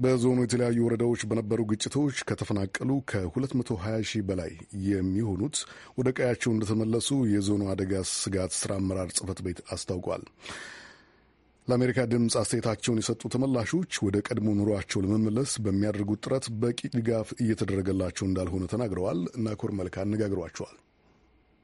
በዞኑ የተለያዩ ወረዳዎች በነበሩ ግጭቶች ከተፈናቀሉ ከ220 ሺህ በላይ የሚሆኑት ወደ ቀያቸው እንደተመለሱ የዞኑ አደጋ ስጋት ስራ አመራር ጽፈት ቤት አስታውቋል። ለአሜሪካ ድምፅ አስተያየታቸውን የሰጡ ተመላሾች ወደ ቀድሞ ኑሯቸው ለመመለስ በሚያደርጉት ጥረት በቂ ድጋፍ እየተደረገላቸው እንዳልሆነ ተናግረዋል። ናኮር መልካ አነጋግሯቸዋል።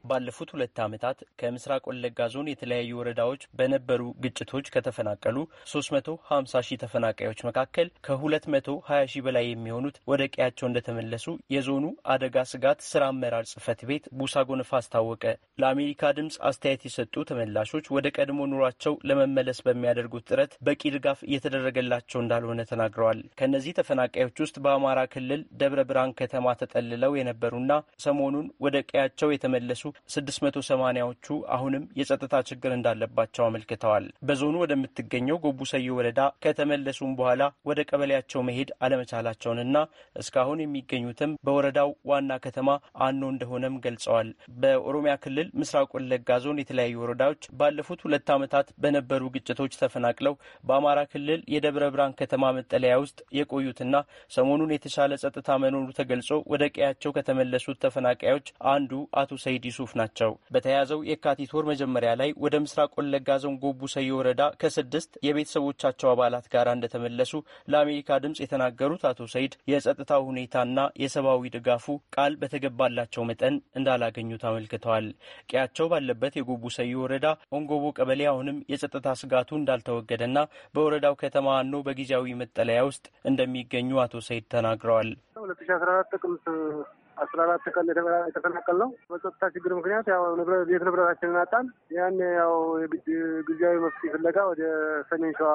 ባለፉት ሁለት ዓመታት ከምስራቅ ወለጋ ዞን የተለያዩ ወረዳዎች በነበሩ ግጭቶች ከተፈናቀሉ 350 ሺህ ተፈናቃዮች መካከል ከ220 ሺህ በላይ የሚሆኑት ወደ ቀያቸው እንደተመለሱ የዞኑ አደጋ ስጋት ስራ አመራር ጽህፈት ቤት ቡሳ ጎነፋ አስታወቀ። ለአሜሪካ ድምፅ አስተያየት የሰጡ ተመላሾች ወደ ቀድሞ ኑሯቸው ለመመለስ በሚያደርጉት ጥረት በቂ ድጋፍ እየተደረገላቸው እንዳልሆነ ተናግረዋል። ከእነዚህ ተፈናቃዮች ውስጥ በአማራ ክልል ደብረ ብርሃን ከተማ ተጠልለው የነበሩና ሰሞኑን ወደ ቀያቸው የተመለሱ ስድስት መቶ ሰማኒያዎቹ አሁንም የጸጥታ ችግር እንዳለባቸው አመልክተዋል። በዞኑ ወደምትገኘው ጎቡሰዩ ወረዳ ከተመለሱም በኋላ ወደ ቀበሌያቸው መሄድ አለመቻላቸውንና እስካሁን የሚገኙትም በወረዳው ዋና ከተማ አኖ እንደሆነም ገልጸዋል። በኦሮሚያ ክልል ምስራቅ ወለጋ ዞን የተለያዩ ወረዳዎች ባለፉት ሁለት ዓመታት በነበሩ ግጭቶች ተፈናቅለው በአማራ ክልል የደብረ ብርሃን ከተማ መጠለያ ውስጥ የቆዩትና ሰሞኑን የተሻለ ጸጥታ መኖሩ ተገልጾ ወደ ቀያቸው ከተመለሱት ተፈናቃዮች አንዱ አቶ ሰይዲሱ ዩሱፍ ናቸው። በተያያዘው የካቲት ወር መጀመሪያ ላይ ወደ ምስራቅ ወለጋ ዞን ጎቡ ሰዮ ወረዳ ከስድስት የቤተሰቦቻቸው አባላት ጋር እንደተመለሱ ለአሜሪካ ድምፅ የተናገሩት አቶ ሰይድ የጸጥታው ሁኔታና የሰብአዊ ድጋፉ ቃል በተገባላቸው መጠን እንዳላገኙ አመልክተዋል። ቀያቸው ባለበት የጎቡ ሰዮ ወረዳ ኦንጎቦ ቀበሌ አሁንም የጸጥታ ስጋቱ እንዳልተወገደና በወረዳው ከተማ አኖ በጊዜያዊ መጠለያ ውስጥ እንደሚገኙ አቶ ሰይድ ተናግረዋል። ሁለት ሺ አስራ አራት ጥቅምት አስራ አራት ቀን የተፈናቀል ነው። በጸጥታ ችግር ምክንያት ያው ቤት ንብረታችንን አጣን። ያን ያው ጊዜያዊ መፍትሄ ፍለጋ ወደ ሰሜን ሸዋ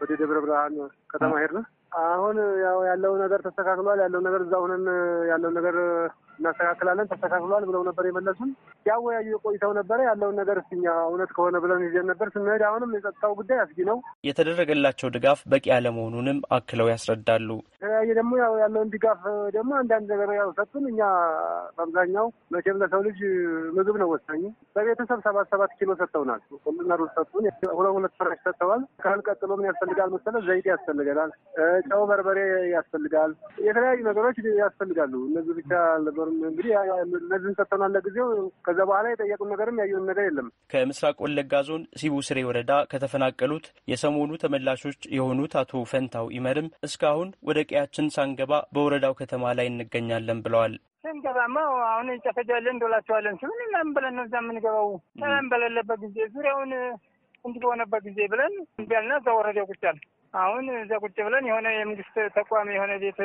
ወደ ደብረ ብርሃን ከተማ ሄድን። አሁን ያው ያለው ነገር ተስተካክሏል። ያለው ነገር እዛ ሁነን ያለው ነገር እናስተካክላለን ተስተካክሏል ብለው ነበር የመለሱን። ያወያዩ የቆይተው ነበረ ያለውን ነገር እኛ እውነት ከሆነ ብለን ይዘን ነበር ስንሄድ። አሁንም የጸጥታው ጉዳይ አስጊ ነው። የተደረገላቸው ድጋፍ በቂ አለመሆኑንም አክለው ያስረዳሉ። የተለያየ ደግሞ ያው ያለውን ድጋፍ ደግሞ አንዳንድ ነገር ያው ሰጡን። እኛ በአብዛኛው መቼም ለሰው ልጅ ምግብ ነው ወሳኙ በቤተሰብ ሰባት ሰባት ኪሎ ሰጥተውናል። ሁሉና ሩዝ ሰጡን። ሁለ ሁለት ፍራሽ ሰጥተዋል። ካህል ቀጥሎ ምን ያስፈልጋል መሰለ ዘይት ያስፈልገናል። ጨው፣ በርበሬ ያስፈልጋል። የተለያዩ ነገሮች ያስፈልጋሉ። እነዚህ ብቻ አልነበሩም። እንግዲህ መዝን ሰጥተናል ለጊዜው። ከዛ በኋላ የጠየቁን ነገርም ያየን ነገር የለም። ከምስራቅ ወለጋ ዞን ሲቡ ስሬ ወረዳ ከተፈናቀሉት የሰሞኑ ተመላሾች የሆኑት አቶ ፈንታው ኢመርም እስካሁን ወደ ቀያችን ሳንገባ በወረዳው ከተማ ላይ እንገኛለን ብለዋል። ስንገባማ አሁን እንጨፈጃለን እንዶላቸዋለን ስምን ምናምን ብለን ነው እዛ የምንገባው ሰላም በሌለበት ጊዜ ዙሪያውን እንዲህ በሆነበት ጊዜ ብለን እምቢያልና እዛ ወረዳው ቁጫል አሁን እዛ ቁጭ ብለን የሆነ የመንግስት ተቋም የሆነ ቤት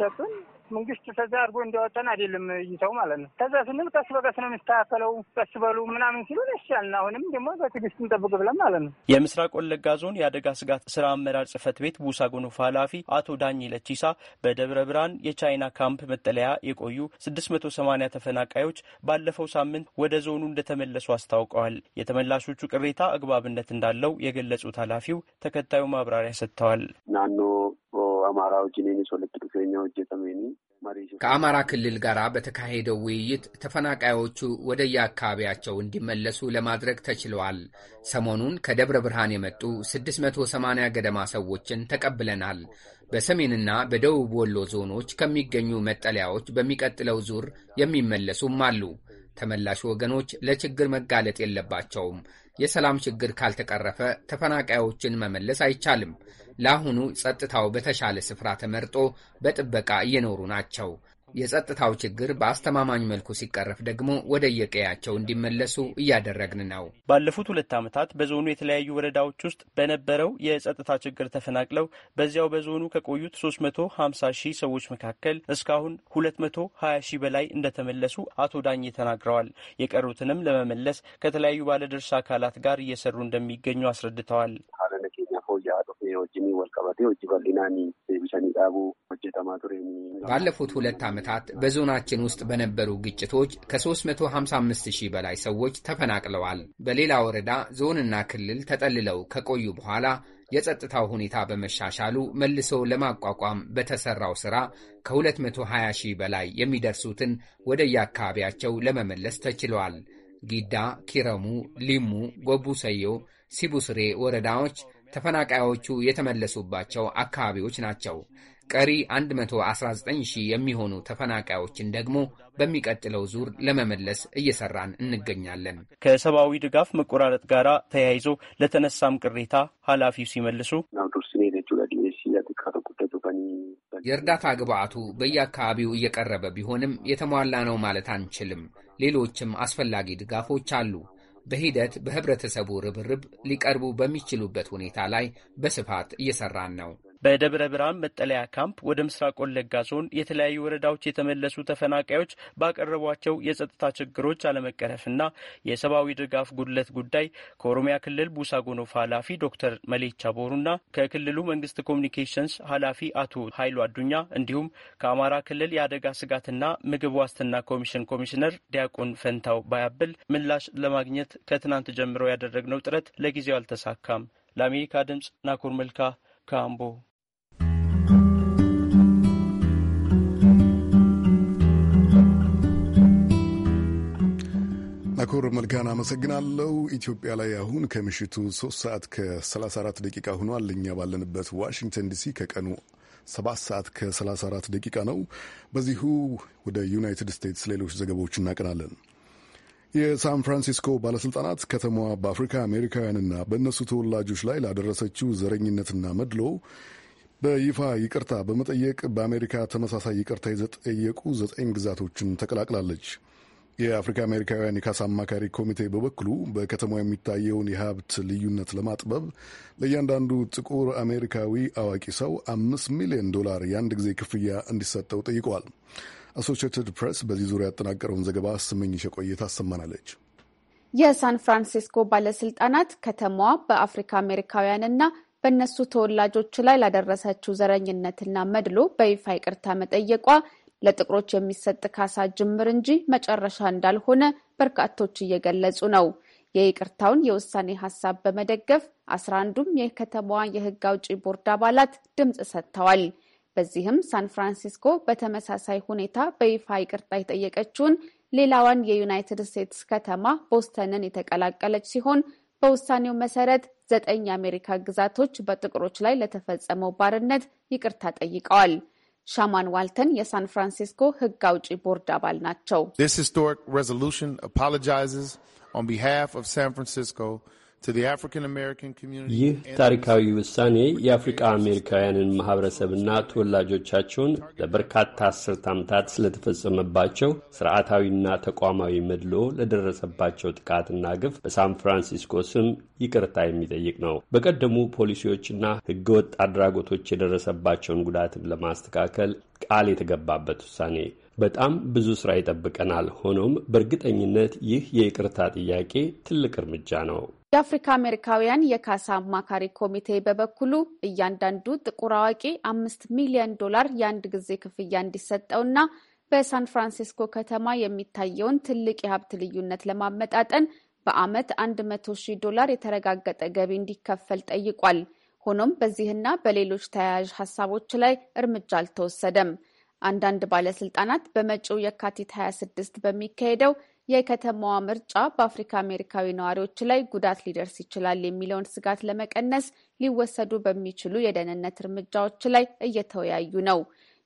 ሰጡን። መንግስት ተዛ አድርጎ እንዲያወጣን አይደለም ይተው ማለት ነው። ተዛ ስንል ቀስ በቀስ ነው የሚስተካከለው፣ ቀስ በሉ ምናምን ሲሉ ይሻልና አሁንም ደግሞ በትግስት እንጠብቅ ብለን ማለት ነው። የምስራቅ ወለጋ ዞን የአደጋ ስጋት ስራ አመራር ጽህፈት ቤት ቡሳ ጎኖፋ ኃላፊ አቶ ዳኝ ለቺሳ በደብረ ብርሃን የቻይና ካምፕ መጠለያ የቆዩ ሰማኒያ ተፈናቃዮች ባለፈው ሳምንት ወደ ዞኑ እንደተመለሱ አስታውቀዋል። የተመላሾቹ ቅሬታ አግባብነት እንዳለው የገለጹት ኃላፊው ተከታዩ ማብራሪያ ሰጥተዋል። ናኖ ከአማራ ክልል ጋር በተካሄደው ውይይት ተፈናቃዮቹ ወደ የአካባቢያቸው እንዲመለሱ ለማድረግ ተችለዋል። ሰሞኑን ከደብረ ብርሃን የመጡ 680 ገደማ ሰዎችን ተቀብለናል። በሰሜንና በደቡብ ወሎ ዞኖች ከሚገኙ መጠለያዎች በሚቀጥለው ዙር የሚመለሱም አሉ። ተመላሽ ወገኖች ለችግር መጋለጥ የለባቸውም። የሰላም ችግር ካልተቀረፈ ተፈናቃዮችን መመለስ አይቻልም። ለአሁኑ ጸጥታው በተሻለ ስፍራ ተመርጦ በጥበቃ እየኖሩ ናቸው። የጸጥታው ችግር በአስተማማኝ መልኩ ሲቀረፍ ደግሞ ወደ የቀያቸው እንዲመለሱ እያደረግን ነው። ባለፉት ሁለት ዓመታት በዞኑ የተለያዩ ወረዳዎች ውስጥ በነበረው የጸጥታ ችግር ተፈናቅለው በዚያው በዞኑ ከቆዩት 350 ሺህ ሰዎች መካከል እስካሁን 220 ሺህ በላይ እንደተመለሱ አቶ ዳኝ ተናግረዋል። የቀሩትንም ለመመለስ ከተለያዩ ባለድርሻ አካላት ጋር እየሰሩ እንደሚገኙ አስረድተዋል። guyyaa dhufee wajjin walqabatee hojii bal'inaan deebisanii dhaabuu hojjetamaa ture. ባለፉት ሁለት ዓመታት በዞናችን ውስጥ በነበሩ ግጭቶች ከ355 ሺህ በላይ ሰዎች ተፈናቅለዋል። በሌላ ወረዳ ዞንና ክልል ተጠልለው ከቆዩ በኋላ የጸጥታው ሁኔታ በመሻሻሉ መልሶ ለማቋቋም በተሰራው ሥራ ከ220 ሺህ በላይ የሚደርሱትን ወደ የአካባቢያቸው ለመመለስ ተችሏል። ጊዳ፣ ኪረሙ፣ ሊሙ፣ ጎቡ ሰዮ፣ ሲቡስሬ ወረዳዎች ተፈናቃዮቹ የተመለሱባቸው አካባቢዎች ናቸው። ቀሪ 119 ሺህ የሚሆኑ ተፈናቃዮችን ደግሞ በሚቀጥለው ዙር ለመመለስ እየሰራን እንገኛለን። ከሰብአዊ ድጋፍ መቆራረጥ ጋር ተያይዞ ለተነሳም ቅሬታ ኃላፊው ሲመልሱ የእርዳታ ግብአቱ በየአካባቢው እየቀረበ ቢሆንም የተሟላ ነው ማለት አንችልም። ሌሎችም አስፈላጊ ድጋፎች አሉ። በሂደት በህብረተሰቡ ርብርብ ሊቀርቡ በሚችሉበት ሁኔታ ላይ በስፋት እየሰራን ነው። በደብረ ብርሃን መጠለያ ካምፕ ወደ ምስራቅ ወለጋ ዞን የተለያዩ ወረዳዎች የተመለሱ ተፈናቃዮች ባቀረቧቸው የጸጥታ ችግሮች አለመቀረፍና የሰብአዊ ድጋፍ ጉድለት ጉዳይ ከኦሮሚያ ክልል ቡሳ ጎኖፋ ኃላፊ ዶክተር መሌቻ ቦሩና ከክልሉ መንግስት ኮሚኒኬሽንስ ኃላፊ አቶ ኃይሉ አዱኛ እንዲሁም ከአማራ ክልል የአደጋ ስጋትና ምግብ ዋስትና ኮሚሽን ኮሚሽነር ዲያቆን ፈንታው ባያብል ምላሽ ለማግኘት ከትናንት ጀምሮ ያደረግነው ጥረት ለጊዜው አልተሳካም። ለአሜሪካ ድምፅ ናኮር መልካ ካምቦ አኮር መልካን አመሰግናለሁ። ኢትዮጵያ ላይ አሁን ከምሽቱ 3 ሰዓት ከ34 ደቂቃ ሆኗል። እኛ ባለንበት ዋሽንግተን ዲሲ ከቀኑ 7 ሰዓት ከ34 ደቂቃ ነው። በዚሁ ወደ ዩናይትድ ስቴትስ ሌሎች ዘገባዎች እናቀናለን። የሳን ፍራንሲስኮ ባለሥልጣናት ከተማዋ በአፍሪካ አሜሪካውያንና በእነሱ ተወላጆች ላይ ላደረሰችው ዘረኝነትና መድሎ በይፋ ይቅርታ በመጠየቅ በአሜሪካ ተመሳሳይ ይቅርታ የጠየቁ ዘጠኝ ግዛቶችን ተቀላቅላለች። የአፍሪካ አሜሪካውያን የካሳ አማካሪ ኮሚቴ በበኩሉ በከተማ የሚታየውን የሀብት ልዩነት ለማጥበብ ለእያንዳንዱ ጥቁር አሜሪካዊ አዋቂ ሰው አምስት ሚሊዮን ዶላር የአንድ ጊዜ ክፍያ እንዲሰጠው ጠይቀዋል። አሶሺየትድ ፕሬስ በዚህ ዙሪያ ያጠናቀረውን ዘገባ ስመኝሽ ቆየ ታሰማናለች። የሳን ፍራንሲስኮ ባለስልጣናት ከተማዋ በአፍሪካ አሜሪካውያንና በእነሱ ተወላጆች ላይ ላደረሰችው ዘረኝነትና መድሎ በይፋ ይቅርታ መጠየቋ ለጥቁሮች የሚሰጥ ካሳ ጅምር እንጂ መጨረሻ እንዳልሆነ በርካቶች እየገለጹ ነው። የይቅርታውን የውሳኔ ሀሳብ በመደገፍ አስራ አንዱም የከተማዋ የህግ አውጪ ቦርድ አባላት ድምፅ ሰጥተዋል። በዚህም ሳን ፍራንሲስኮ በተመሳሳይ ሁኔታ በይፋ ይቅርታ የጠየቀችውን ሌላዋን የዩናይትድ ስቴትስ ከተማ ቦስተንን የተቀላቀለች ሲሆን በውሳኔው መሰረት ዘጠኝ የአሜሪካ ግዛቶች በጥቁሮች ላይ ለተፈጸመው ባርነት ይቅርታ ጠይቀዋል። This historic resolution apologizes on behalf of San Francisco ይህ ታሪካዊ ውሳኔ የአፍሪቃ አሜሪካውያንን ማኅበረሰብና ተወላጆቻቸውን ለበርካታ አስርት ዓመታት ስለተፈጸመባቸው ስርዓታዊና ተቋማዊ መድሎ ለደረሰባቸው ጥቃትና ግፍ በሳን ፍራንሲስኮ ስም ይቅርታ የሚጠይቅ ነው። በቀደሙ ፖሊሲዎችና ሕገወጥ አድራጎቶች የደረሰባቸውን ጉዳትን ለማስተካከል ቃል የተገባበት ውሳኔ በጣም ብዙ ስራ ይጠብቀናል። ሆኖም በእርግጠኝነት ይህ የይቅርታ ጥያቄ ትልቅ እርምጃ ነው። የአፍሪካ አሜሪካውያን የካሳ አማካሪ ኮሚቴ በበኩሉ እያንዳንዱ ጥቁር አዋቂ አምስት ሚሊዮን ዶላር የአንድ ጊዜ ክፍያ እንዲሰጠውና በሳን ፍራንሲስኮ ከተማ የሚታየውን ትልቅ የሀብት ልዩነት ለማመጣጠን በዓመት 100 ሺህ ዶላር የተረጋገጠ ገቢ እንዲከፈል ጠይቋል። ሆኖም በዚህና በሌሎች ተያያዥ ሀሳቦች ላይ እርምጃ አልተወሰደም። አንዳንድ ባለስልጣናት በመጪው የካቲት 26 በሚካሄደው የከተማዋ ምርጫ በአፍሪካ አሜሪካዊ ነዋሪዎች ላይ ጉዳት ሊደርስ ይችላል የሚለውን ስጋት ለመቀነስ ሊወሰዱ በሚችሉ የደህንነት እርምጃዎች ላይ እየተወያዩ ነው።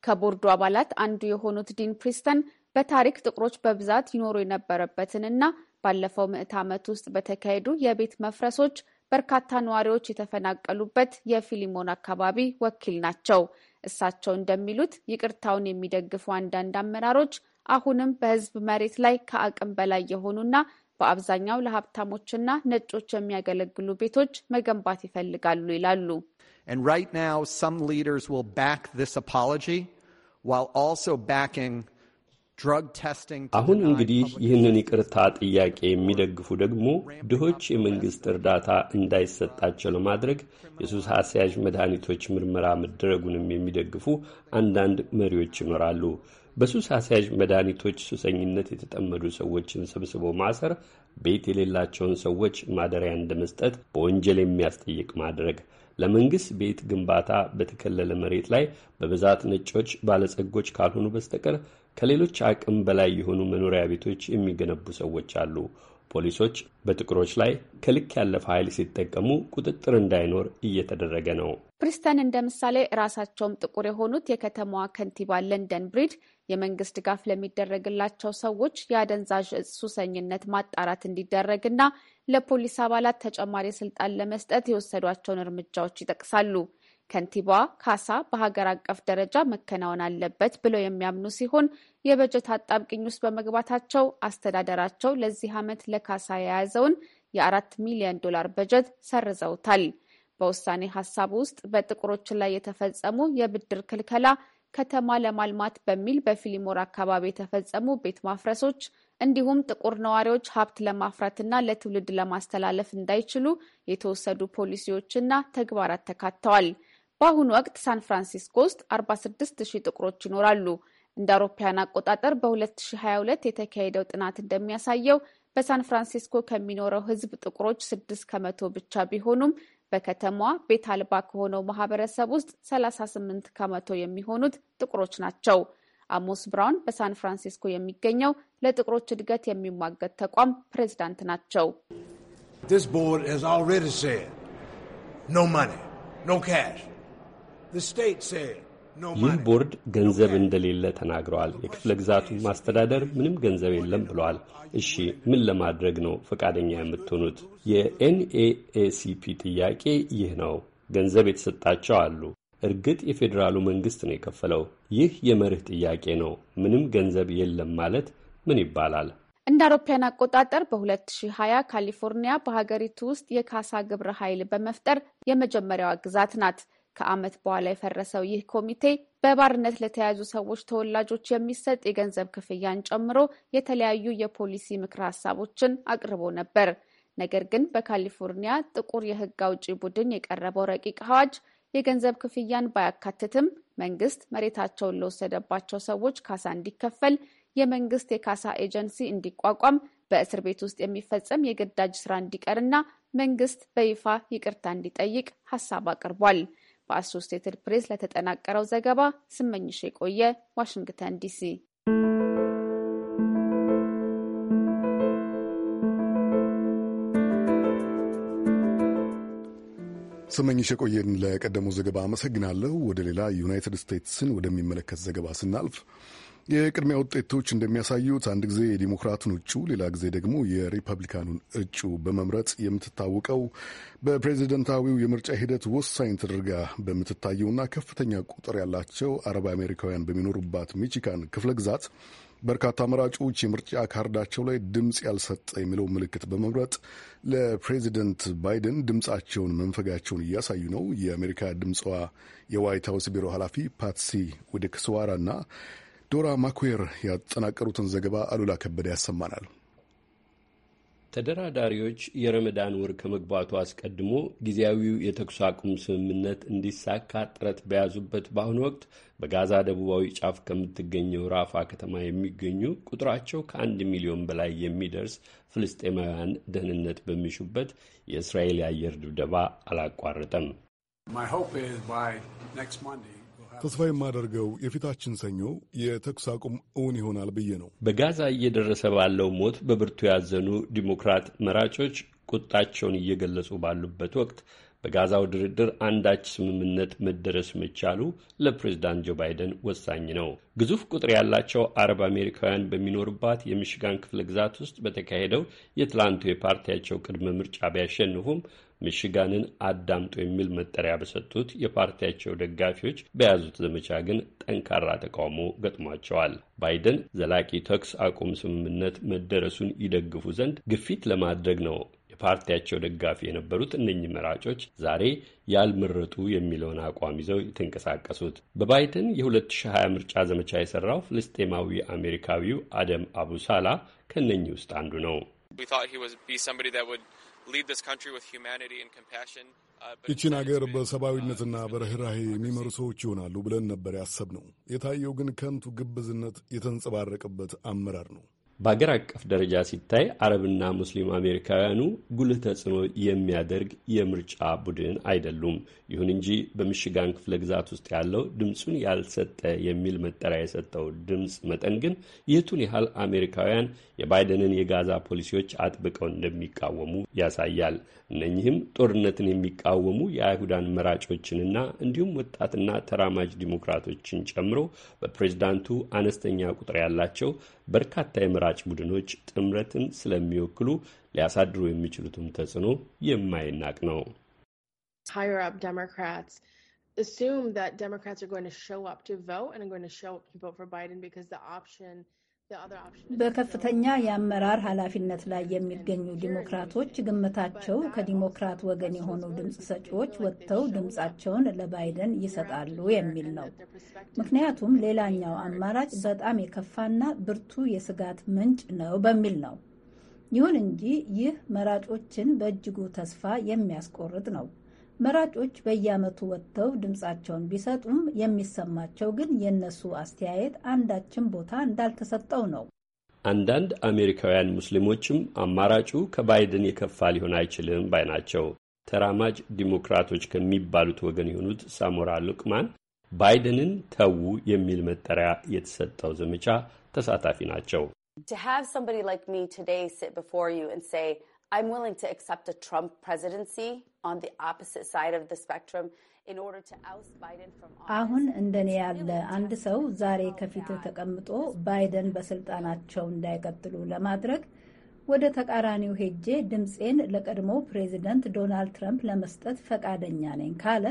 ከቦርዱ አባላት አንዱ የሆኑት ዲን ፕሪስተን በታሪክ ጥቁሮች በብዛት ይኖሩ የነበረበትንና ባለፈው ምዕት ዓመት ውስጥ በተካሄዱ የቤት መፍረሶች በርካታ ነዋሪዎች የተፈናቀሉበት የፊሊሞን አካባቢ ወኪል ናቸው። እሳቸው እንደሚሉት ይቅርታውን የሚደግፉ አንዳንድ አመራሮች አሁንም በህዝብ መሬት ላይ ከአቅም በላይ የሆኑና በአብዛኛው ለሀብታሞችና ነጮች የሚያገለግሉ ቤቶች መገንባት ይፈልጋሉ ይላሉ። አሁን እንግዲህ ይህንን ይቅርታ ጥያቄ የሚደግፉ ደግሞ ድሆች የመንግሥት እርዳታ እንዳይሰጣቸው ለማድረግ የሱስ አስያዥ መድኃኒቶች ምርመራ መደረጉንም የሚደግፉ አንዳንድ መሪዎች ይኖራሉ። በሱስ አስያዥ መድኃኒቶች ሱሰኝነት የተጠመዱ ሰዎችን ሰብስቦ ማሰር ቤት የሌላቸውን ሰዎች ማደሪያ እንደመስጠት በወንጀል የሚያስጠይቅ ማድረግ ለመንግስት ቤት ግንባታ በተከለለ መሬት ላይ በብዛት ነጮች ባለጸጎች ካልሆኑ በስተቀር ከሌሎች አቅም በላይ የሆኑ መኖሪያ ቤቶች የሚገነቡ ሰዎች አሉ። ፖሊሶች በጥቁሮች ላይ ከልክ ያለፈ ኃይል ሲጠቀሙ ቁጥጥር እንዳይኖር እየተደረገ ነው። ፕሪስተን እንደ ምሳሌ ራሳቸውም ጥቁር የሆኑት የከተማዋ ከንቲባ ለንደን ብሪድ የመንግስት ድጋፍ ለሚደረግላቸው ሰዎች የአደንዛዥ እጽ ሱሰኝነት ማጣራት እንዲደረግና ለፖሊስ አባላት ተጨማሪ ስልጣን ለመስጠት የወሰዷቸውን እርምጃዎች ይጠቅሳሉ። ከንቲባዋ ካሳ በሀገር አቀፍ ደረጃ መከናወን አለበት ብለው የሚያምኑ ሲሆን የበጀት አጣብቅኝ ውስጥ በመግባታቸው አስተዳደራቸው ለዚህ ዓመት ለካሳ የያዘውን የአራት ሚሊዮን ዶላር በጀት ሰርዘውታል። በውሳኔ ሀሳብ ውስጥ በጥቁሮች ላይ የተፈጸሙ የብድር ክልከላ፣ ከተማ ለማልማት በሚል በፊሊሞር አካባቢ የተፈጸሙ ቤት ማፍረሶች እንዲሁም ጥቁር ነዋሪዎች ሀብት ለማፍራትና ለትውልድ ለማስተላለፍ እንዳይችሉ የተወሰዱ ፖሊሲዎችና ተግባራት ተካተዋል። በአሁኑ ወቅት ሳን ፍራንሲስኮ ውስጥ 46 ሺህ ጥቁሮች ይኖራሉ። እንደ አውሮፓውያን አቆጣጠር በ2022 የተካሄደው ጥናት እንደሚያሳየው በሳን ፍራንሲስኮ ከሚኖረው ሕዝብ ጥቁሮች 6 ከመቶ ብቻ ቢሆኑም በከተማዋ ቤት አልባ ከሆነው ማህበረሰብ ውስጥ 38 ከመቶ የሚሆኑት ጥቁሮች ናቸው። አሞስ ብራውን በሳን ፍራንሲስኮ የሚገኘው ለጥቁሮች እድገት የሚሟገት ተቋም ፕሬዝዳንት ናቸው። This board has already said no money, no cash. ይህ ቦርድ ገንዘብ እንደሌለ ተናግረዋል። የክፍለ ግዛቱ ማስተዳደር ምንም ገንዘብ የለም ብለዋል። እሺ ምን ለማድረግ ነው ፈቃደኛ የምትሆኑት? የኤንኤኤሲፒ ጥያቄ ይህ ነው። ገንዘብ የተሰጣቸው አሉ። እርግጥ የፌዴራሉ መንግስት ነው የከፈለው። ይህ የመርህ ጥያቄ ነው። ምንም ገንዘብ የለም ማለት ምን ይባላል? እንደ አውሮፓውያን አቆጣጠር በ2020 ካሊፎርኒያ በሀገሪቱ ውስጥ የካሳ ግብረ ኃይል በመፍጠር የመጀመሪያዋ ግዛት ናት። ከዓመት በኋላ የፈረሰው ይህ ኮሚቴ በባርነት ለተያዙ ሰዎች ተወላጆች የሚሰጥ የገንዘብ ክፍያን ጨምሮ የተለያዩ የፖሊሲ ምክር ሀሳቦችን አቅርቦ ነበር። ነገር ግን በካሊፎርኒያ ጥቁር የህግ አውጪ ቡድን የቀረበው ረቂቅ አዋጅ የገንዘብ ክፍያን ባያካትትም መንግስት መሬታቸውን ለወሰደባቸው ሰዎች ካሳ እንዲከፈል፣ የመንግስት የካሳ ኤጀንሲ እንዲቋቋም፣ በእስር ቤት ውስጥ የሚፈጸም የግዳጅ ስራ እንዲቀርና መንግስት በይፋ ይቅርታ እንዲጠይቅ ሀሳብ አቅርቧል። በአሶሲየትድ ፕሬስ ለተጠናቀረው ዘገባ ስመኝሽ የቆየ ዋሽንግተን ዲሲ ስመኝሽ የቆየን ለቀደመው ዘገባ አመሰግናለሁ። ወደ ሌላ ዩናይትድ ስቴትስን ወደሚመለከት ዘገባ ስናልፍ የቅድሚያ ውጤቶች እንደሚያሳዩት አንድ ጊዜ የዲሞክራቱን እጩ ሌላ ጊዜ ደግሞ የሪፐብሊካኑን እጩ በመምረጥ የምትታወቀው በፕሬዚደንታዊው የምርጫ ሂደት ወሳኝ ተደርጋ በምትታየውና ከፍተኛ ቁጥር ያላቸው አረብ አሜሪካውያን በሚኖሩባት ሚቺጋን ክፍለ ግዛት በርካታ መራጮች የምርጫ ካርዳቸው ላይ ድምፅ ያልሰጠ የሚለውን ምልክት በመምረጥ ለፕሬዚደንት ባይደን ድምፃቸውን መንፈጋቸውን እያሳዩ ነው። የአሜሪካ ድምፅዋ የዋይት ሀውስ ቢሮ ኃላፊ ፓትሲ ወደ ክስዋራ እና ዶራ ማኩዌር ያጠናቀሩትን ዘገባ አሉላ ከበደ ያሰማናል። ተደራዳሪዎች የረመዳን ወር ከመግባቱ አስቀድሞ ጊዜያዊው የተኩስ አቁም ስምምነት እንዲሳካ ጥረት በያዙበት በአሁኑ ወቅት በጋዛ ደቡባዊ ጫፍ ከምትገኘው ራፋ ከተማ የሚገኙ ቁጥራቸው ከአንድ ሚሊዮን በላይ የሚደርስ ፍልስጤማውያን ደህንነት በሚሹበት የእስራኤል የአየር ድብደባ አላቋረጠም። ተስፋ የማደርገው የፊታችን ሰኞ የተኩስ አቁም እውን ይሆናል ብዬ ነው። በጋዛ እየደረሰ ባለው ሞት በብርቱ ያዘኑ ዲሞክራት መራጮች ቁጣቸውን እየገለጹ ባሉበት ወቅት በጋዛው ድርድር አንዳች ስምምነት መደረስ መቻሉ ለፕሬዝዳንት ጆ ባይደን ወሳኝ ነው። ግዙፍ ቁጥር ያላቸው አረብ አሜሪካውያን በሚኖሩባት የምሽጋን ክፍለ ግዛት ውስጥ በተካሄደው የትላንቱ የፓርቲያቸው ቅድመ ምርጫ ቢያሸንፉም ምሽጋንን አዳምጡ የሚል መጠሪያ በሰጡት የፓርቲያቸው ደጋፊዎች በያዙት ዘመቻ ግን ጠንካራ ተቃውሞ ገጥሟቸዋል። ባይደን ዘላቂ ተኩስ አቁም ስምምነት መደረሱን ይደግፉ ዘንድ ግፊት ለማድረግ ነው የፓርቲያቸው ደጋፊ የነበሩት እነኚህ መራጮች ዛሬ ያልመረጡ የሚለውን አቋም ይዘው የተንቀሳቀሱት በባይደን የ2020 ምርጫ ዘመቻ የሰራው ፍልስጤማዊ አሜሪካዊው አደም አቡሳላ ከእነኚህ ውስጥ አንዱ ነው። Uh, ይችን አገር uh, በሰብአዊነትና በርኅራሄ የሚመሩ ሰዎች ይሆናሉ ብለን ነበር ያሰብነው። የታየው ግን ከንቱ ግብዝነት የተንጸባረቀበት አመራር ነው። በአገር አቀፍ ደረጃ ሲታይ አረብና ሙስሊም አሜሪካውያኑ ጉልህ ተጽዕኖ የሚያደርግ የምርጫ ቡድን አይደሉም። ይሁን እንጂ በሚሽጋን ክፍለ ግዛት ውስጥ ያለው ድምፁን ያልሰጠ የሚል መጠሪያ የሰጠው ድምፅ መጠን ግን የቱን ያህል አሜሪካውያን የባይደንን የጋዛ ፖሊሲዎች አጥብቀው እንደሚቃወሙ ያሳያል። እነኚህም ጦርነትን የሚቃወሙ የአይሁዳን መራጮችንና እንዲሁም ወጣትና ተራማጅ ዲሞክራቶችን ጨምሮ በፕሬዝዳንቱ አነስተኛ ቁጥር ያላቸው በርካታ የምራ አምራች ቡድኖች ጥምረትን ስለሚወክሉ ሊያሳድሩ የሚችሉትም ተጽዕኖ Assume that Democrats are going to show up to vote and I'm going to show up to vote for Biden because the option በከፍተኛ የአመራር ኃላፊነት ላይ የሚገኙ ዲሞክራቶች ግምታቸው ከዲሞክራት ወገን የሆኑ ድምፅ ሰጪዎች ወጥተው ድምፃቸውን ለባይደን ይሰጣሉ የሚል ነው። ምክንያቱም ሌላኛው አማራጭ በጣም የከፋና ብርቱ የስጋት ምንጭ ነው በሚል ነው። ይሁን እንጂ ይህ መራጮችን በእጅጉ ተስፋ የሚያስቆርጥ ነው። መራጮች በየዓመቱ ወጥተው ድምፃቸውን ቢሰጡም የሚሰማቸው ግን የእነሱ አስተያየት አንዳችም ቦታ እንዳልተሰጠው ነው። አንዳንድ አሜሪካውያን ሙስሊሞችም አማራጩ ከባይደን የከፋ ሊሆን አይችልም ባይ ናቸው። ተራማጅ ዲሞክራቶች ከሚባሉት ወገን የሆኑት ሳሞራ ሉቅማን ባይደንን ተዉ የሚል መጠሪያ የተሰጠው ዘመቻ ተሳታፊ ናቸው። To have somebody like me today sit before you and say, አሁን እንደኔ ያለ አንድ ሰው ዛሬ ከፊት ተቀምጦ ባይደን በስልጣናቸው እንዳይቀጥሉ ለማድረግ ወደ ተቃራኒው ሄጄ ድምፄን ለቀድሞ ፕሬዚደንት ዶናልድ ትራምፕ ለመስጠት ፈቃደኛ ነኝ ካለ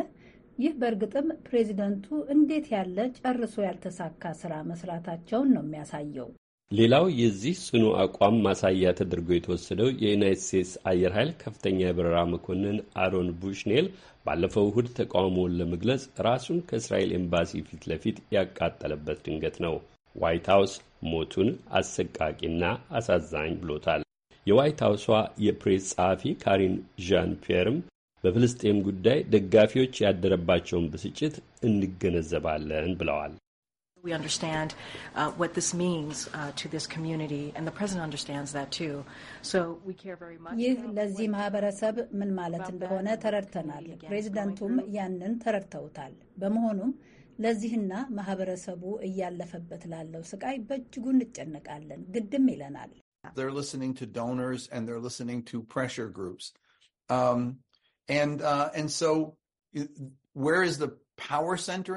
ይህ በእርግጥም ፕሬዚደንቱ እንዴት ያለ ጨርሶ ያልተሳካ ስራ መስራታቸውን ነው የሚያሳየው። ሌላው የዚህ ጽኑ አቋም ማሳያ ተደርጎ የተወሰደው የዩናይት ስቴትስ አየር ኃይል ከፍተኛ የበረራ መኮንን አሮን ቡሽኔል ባለፈው እሁድ ተቃውሞውን ለመግለጽ ራሱን ከእስራኤል ኤምባሲ ፊት ለፊት ያቃጠለበት ድንገት ነው። ዋይት ሀውስ ሞቱን አሰቃቂና አሳዛኝ ብሎታል። የዋይት ሀውሷ የፕሬስ ጸሐፊ ካሪን ዣን ፒየርም በፍልስጤም ጉዳይ ደጋፊዎች ያደረባቸውን ብስጭት እንገነዘባለን ብለዋል። We understand uh, what this means uh, to this community, and the president understands that too. So we care very much. ለዚህና ማህበረሰቡ እያለፈበት ላለው ስቃይ በእጅጉ እንጨነቃለን፣ ግድም ይለናል። They're listening to donors and they're listening to pressure groups. Um, and, uh, and so where is the power center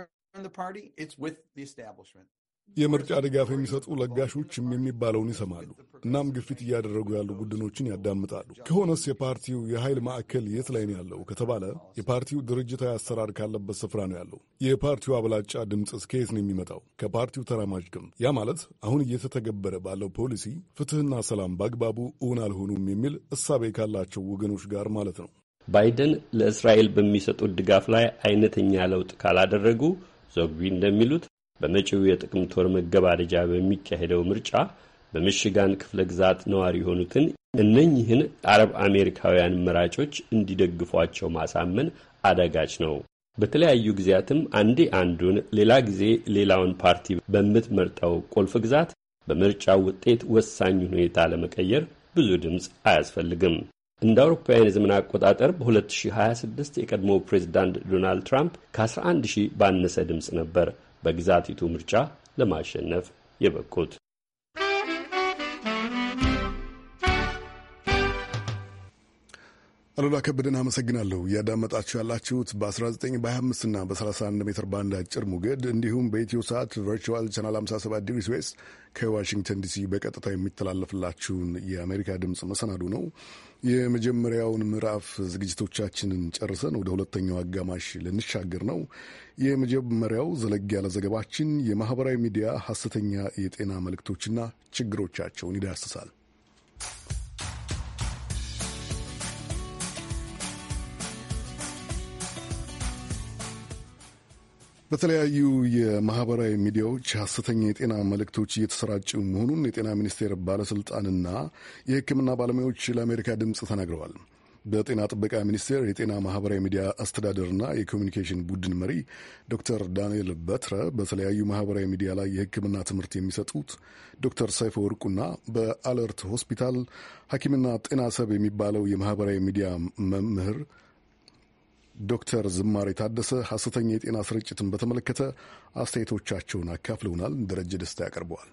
የምርጫ ድጋፍ የሚሰጡ ለጋሾችም የሚባለውን ይሰማሉ። እናም ግፊት እያደረጉ ያሉ ቡድኖችን ያዳምጣሉ። ከሆነስ የፓርቲው የኃይል ማዕከል የት ላይ ነው ያለው ከተባለ የፓርቲው ድርጅታዊ አሰራር ካለበት ስፍራ ነው ያለው። የፓርቲው አብላጫ ድምፅ እስከየት ነው የሚመጣው? ከፓርቲው ተራማጅ ግም ያ ማለት አሁን እየተተገበረ ባለው ፖሊሲ ፍትህና ሰላም በአግባቡ እውን አልሆኑም የሚል እሳቤ ካላቸው ወገኖች ጋር ማለት ነው። ባይደን ለእስራኤል በሚሰጡት ድጋፍ ላይ አይነተኛ ለውጥ ካላደረጉ ዞግቢ እንደሚሉት በመጪው የጥቅምት ወር መገባደጃ በሚካሄደው ምርጫ በምሽጋን ክፍለ ግዛት ነዋሪ የሆኑትን እነኚህን አረብ አሜሪካውያን መራጮች እንዲደግፏቸው ማሳመን አዳጋች ነው። በተለያዩ ጊዜያትም አንዴ አንዱን ሌላ ጊዜ ሌላውን ፓርቲ በምትመርጠው ቁልፍ ግዛት በምርጫው ውጤት ወሳኝ ሁኔታ ለመቀየር ብዙ ድምፅ አያስፈልግም። እንደ አውሮፓውያን የዘመን አቆጣጠር በ2026 የቀድሞ ፕሬዚዳንት ዶናልድ ትራምፕ ከ11 ሺህ ባነሰ ድምፅ ነበር በግዛቲቱ ምርጫ ለማሸነፍ የበቁት። አሉላ ከበደን አመሰግናለሁ። እያዳመጣችሁ ያላችሁት በ19 በ25 እና በ31 ሜትር ባንድ አጭር ሞገድ እንዲሁም በኢትዮ ሰዓት ቨርቹዋል ቻናል 57 ዲግሪ ስዌስት ከዋሽንግተን ዲሲ በቀጥታ የሚተላለፍላችሁን የአሜሪካ ድምፅ መሰናዱ ነው። የመጀመሪያውን ምዕራፍ ዝግጅቶቻችንን ጨርሰን ወደ ሁለተኛው አጋማሽ ልንሻገር ነው። የመጀመሪያው ዘለግ ያለ ዘገባችን የማህበራዊ ሚዲያ ሀሰተኛ የጤና መልእክቶችና ችግሮቻቸውን ይዳስሳል። በተለያዩ የማህበራዊ ሚዲያዎች ሐሰተኛ የጤና መልእክቶች እየተሰራጩ መሆኑን የጤና ሚኒስቴር ባለስልጣንና የሕክምና ባለሙያዎች ለአሜሪካ ድምፅ ተናግረዋል። በጤና ጥበቃ ሚኒስቴር የጤና ማህበራዊ ሚዲያ አስተዳደርና የኮሚኒኬሽን ቡድን መሪ ዶክተር ዳንኤል በትረ በተለያዩ ማህበራዊ ሚዲያ ላይ የህክምና ትምህርት የሚሰጡት ዶክተር ሰይፈ ወርቁና በአለርት ሆስፒታል ሐኪምና ጤና ሰብ የሚባለው የማህበራዊ ሚዲያ መምህር ዶክተር ዝማሬ ታደሰ ሐሰተኛ የጤና ስርጭትን በተመለከተ አስተያየቶቻቸውን አካፍለውናል። ደረጀ ደስታ ያቀርበዋል።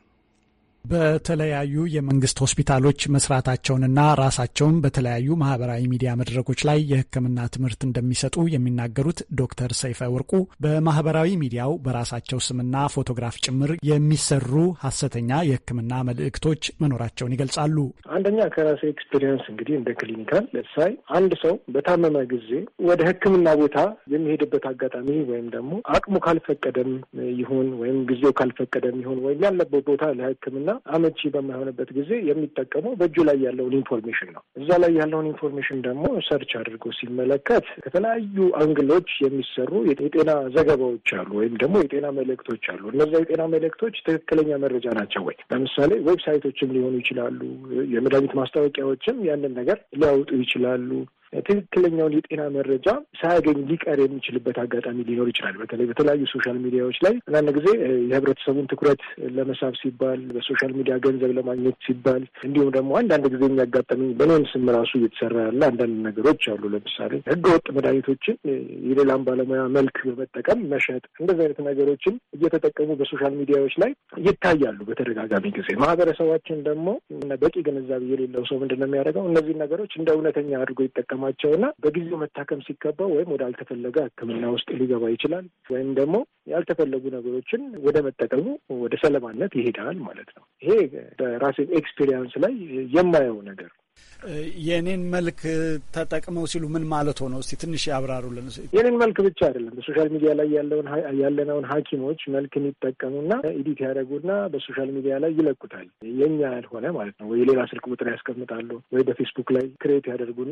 በተለያዩ የመንግስት ሆስፒታሎች መስራታቸውንና ራሳቸውን በተለያዩ ማህበራዊ ሚዲያ መድረኮች ላይ የሕክምና ትምህርት እንደሚሰጡ የሚናገሩት ዶክተር ሰይፈ ወርቁ በማህበራዊ ሚዲያው በራሳቸው ስምና ፎቶግራፍ ጭምር የሚሰሩ ሀሰተኛ የሕክምና መልእክቶች መኖራቸውን ይገልጻሉ። አንደኛ ከራሴ ኤክስፔሪየንስ እንግዲህ እንደ ክሊኒካል ለሳይ አንድ ሰው በታመመ ጊዜ ወደ ሕክምና ቦታ የሚሄድበት አጋጣሚ ወይም ደግሞ አቅሙ ካልፈቀደም ይሁን ወይም ጊዜው ካልፈቀደም ይሁን ወይም ያለበት ቦታ ለሕክምና እና አመቺ በማይሆንበት ጊዜ የሚጠቀመው በእጁ ላይ ያለውን ኢንፎርሜሽን ነው። እዛ ላይ ያለውን ኢንፎርሜሽን ደግሞ ሰርች አድርጎ ሲመለከት ከተለያዩ አንግሎች የሚሰሩ የጤና ዘገባዎች አሉ፣ ወይም ደግሞ የጤና መልእክቶች አሉ። እነዛ የጤና መልእክቶች ትክክለኛ መረጃ ናቸው ወይ? ለምሳሌ ዌብሳይቶችም ሊሆኑ ይችላሉ። የመድኃኒት ማስታወቂያዎችም ያንን ነገር ሊያውጡ ይችላሉ። ትክክለኛውን የጤና መረጃ ሳያገኝ ሊቀር የሚችልበት አጋጣሚ ሊኖር ይችላል። በተለይ በተለያዩ ሶሻል ሚዲያዎች ላይ አንዳንድ ጊዜ የህብረተሰቡን ትኩረት ለመሳብ ሲባል፣ በሶሻል ሚዲያ ገንዘብ ለማግኘት ሲባል እንዲሁም ደግሞ አንዳንድ ጊዜ የሚያጋጠሚ በኔም ስም ራሱ እየተሰራ ያለ አንዳንድ ነገሮች አሉ። ለምሳሌ ህገወጥ መድኃኒቶችን የሌላም ባለሙያ መልክ በመጠቀም መሸጥ፣ እንደዚህ አይነት ነገሮችን እየተጠቀሙ በሶሻል ሚዲያዎች ላይ ይታያሉ በተደጋጋሚ ጊዜ። ማህበረሰባችን ደግሞ በቂ ግንዛቤ የሌለው ሰው ምንድን ነው የሚያደርገው? እነዚህን ነገሮች እንደ እውነተኛ አድርጎ ይጠቀማል። ያከማቸውና በጊዜው መታከም ሲገባው ወይም ወደ አልተፈለገ ሕክምና ውስጥ ሊገባ ይችላል። ወይም ደግሞ ያልተፈለጉ ነገሮችን ወደ መጠቀሙ ወደ ሰለባነት ይሄዳል ማለት ነው። ይሄ በራሴ ኤክስፔሪንስ ላይ የማየው ነገር የእኔን መልክ ተጠቅመው ሲሉ ምን ማለት ሆነው? እስቲ ትንሽ ያብራሩልን። የእኔን መልክ ብቻ አይደለም፣ በሶሻል ሚዲያ ላይ ያለውን ያለነውን ሐኪሞች መልክ ይጠቀሙና ኢዲት ያደረጉና በሶሻል ሚዲያ ላይ ይለቁታል። የኛ ያልሆነ ማለት ነው። ወይ ሌላ ስልክ ቁጥር ያስቀምጣሉ፣ ወይ በፌስቡክ ላይ ክሬት ያደርጉና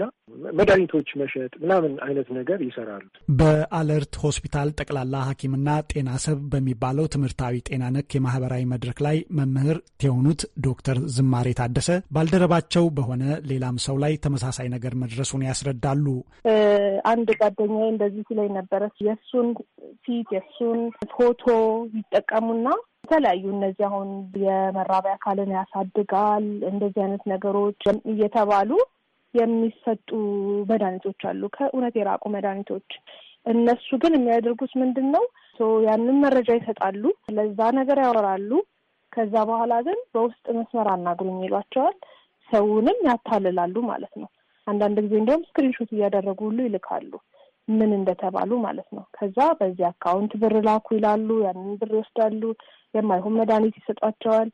መድኃኒቶች መሸጥ ምናምን አይነት ነገር ይሰራሉ። በአለርት ሆስፒታል ጠቅላላ ሐኪምና ጤና ሰብ በሚባለው ትምህርታዊ ጤና ነክ የማህበራዊ መድረክ ላይ መምህር የሆኑት ዶክተር ዝማሬ ታደሰ ባልደረባቸው በሆነ ሌላም ሰው ላይ ተመሳሳይ ነገር መድረሱን ያስረዳሉ። አንድ ጓደኛዬ እንደዚህ ሲለኝ ነበረ። የእሱን ፊት የእሱን ፎቶ ይጠቀሙና የተለያዩ እነዚህ አሁን የመራቢያ አካልን ያሳድጋል እንደዚህ አይነት ነገሮች እየተባሉ የሚሰጡ መድኃኒቶች አሉ፣ ከእውነት የራቁ መድኃኒቶች። እነሱ ግን የሚያደርጉት ምንድን ነው? ያንን መረጃ ይሰጣሉ፣ ለዛ ነገር ያወራሉ። ከዛ በኋላ ግን በውስጥ መስመር አናግሩኝ ይሏቸዋል። ሰውንም ያታልላሉ ማለት ነው። አንዳንድ ጊዜ እንዲሁም ስክሪንሾት እያደረጉ ሁሉ ይልካሉ፣ ምን እንደተባሉ ማለት ነው። ከዛ በዚህ አካውንት ብር ላኩ ይላሉ። ያንን ብር ይወስዳሉ። የማይሆን መድኃኒት ይሰጧቸዋል።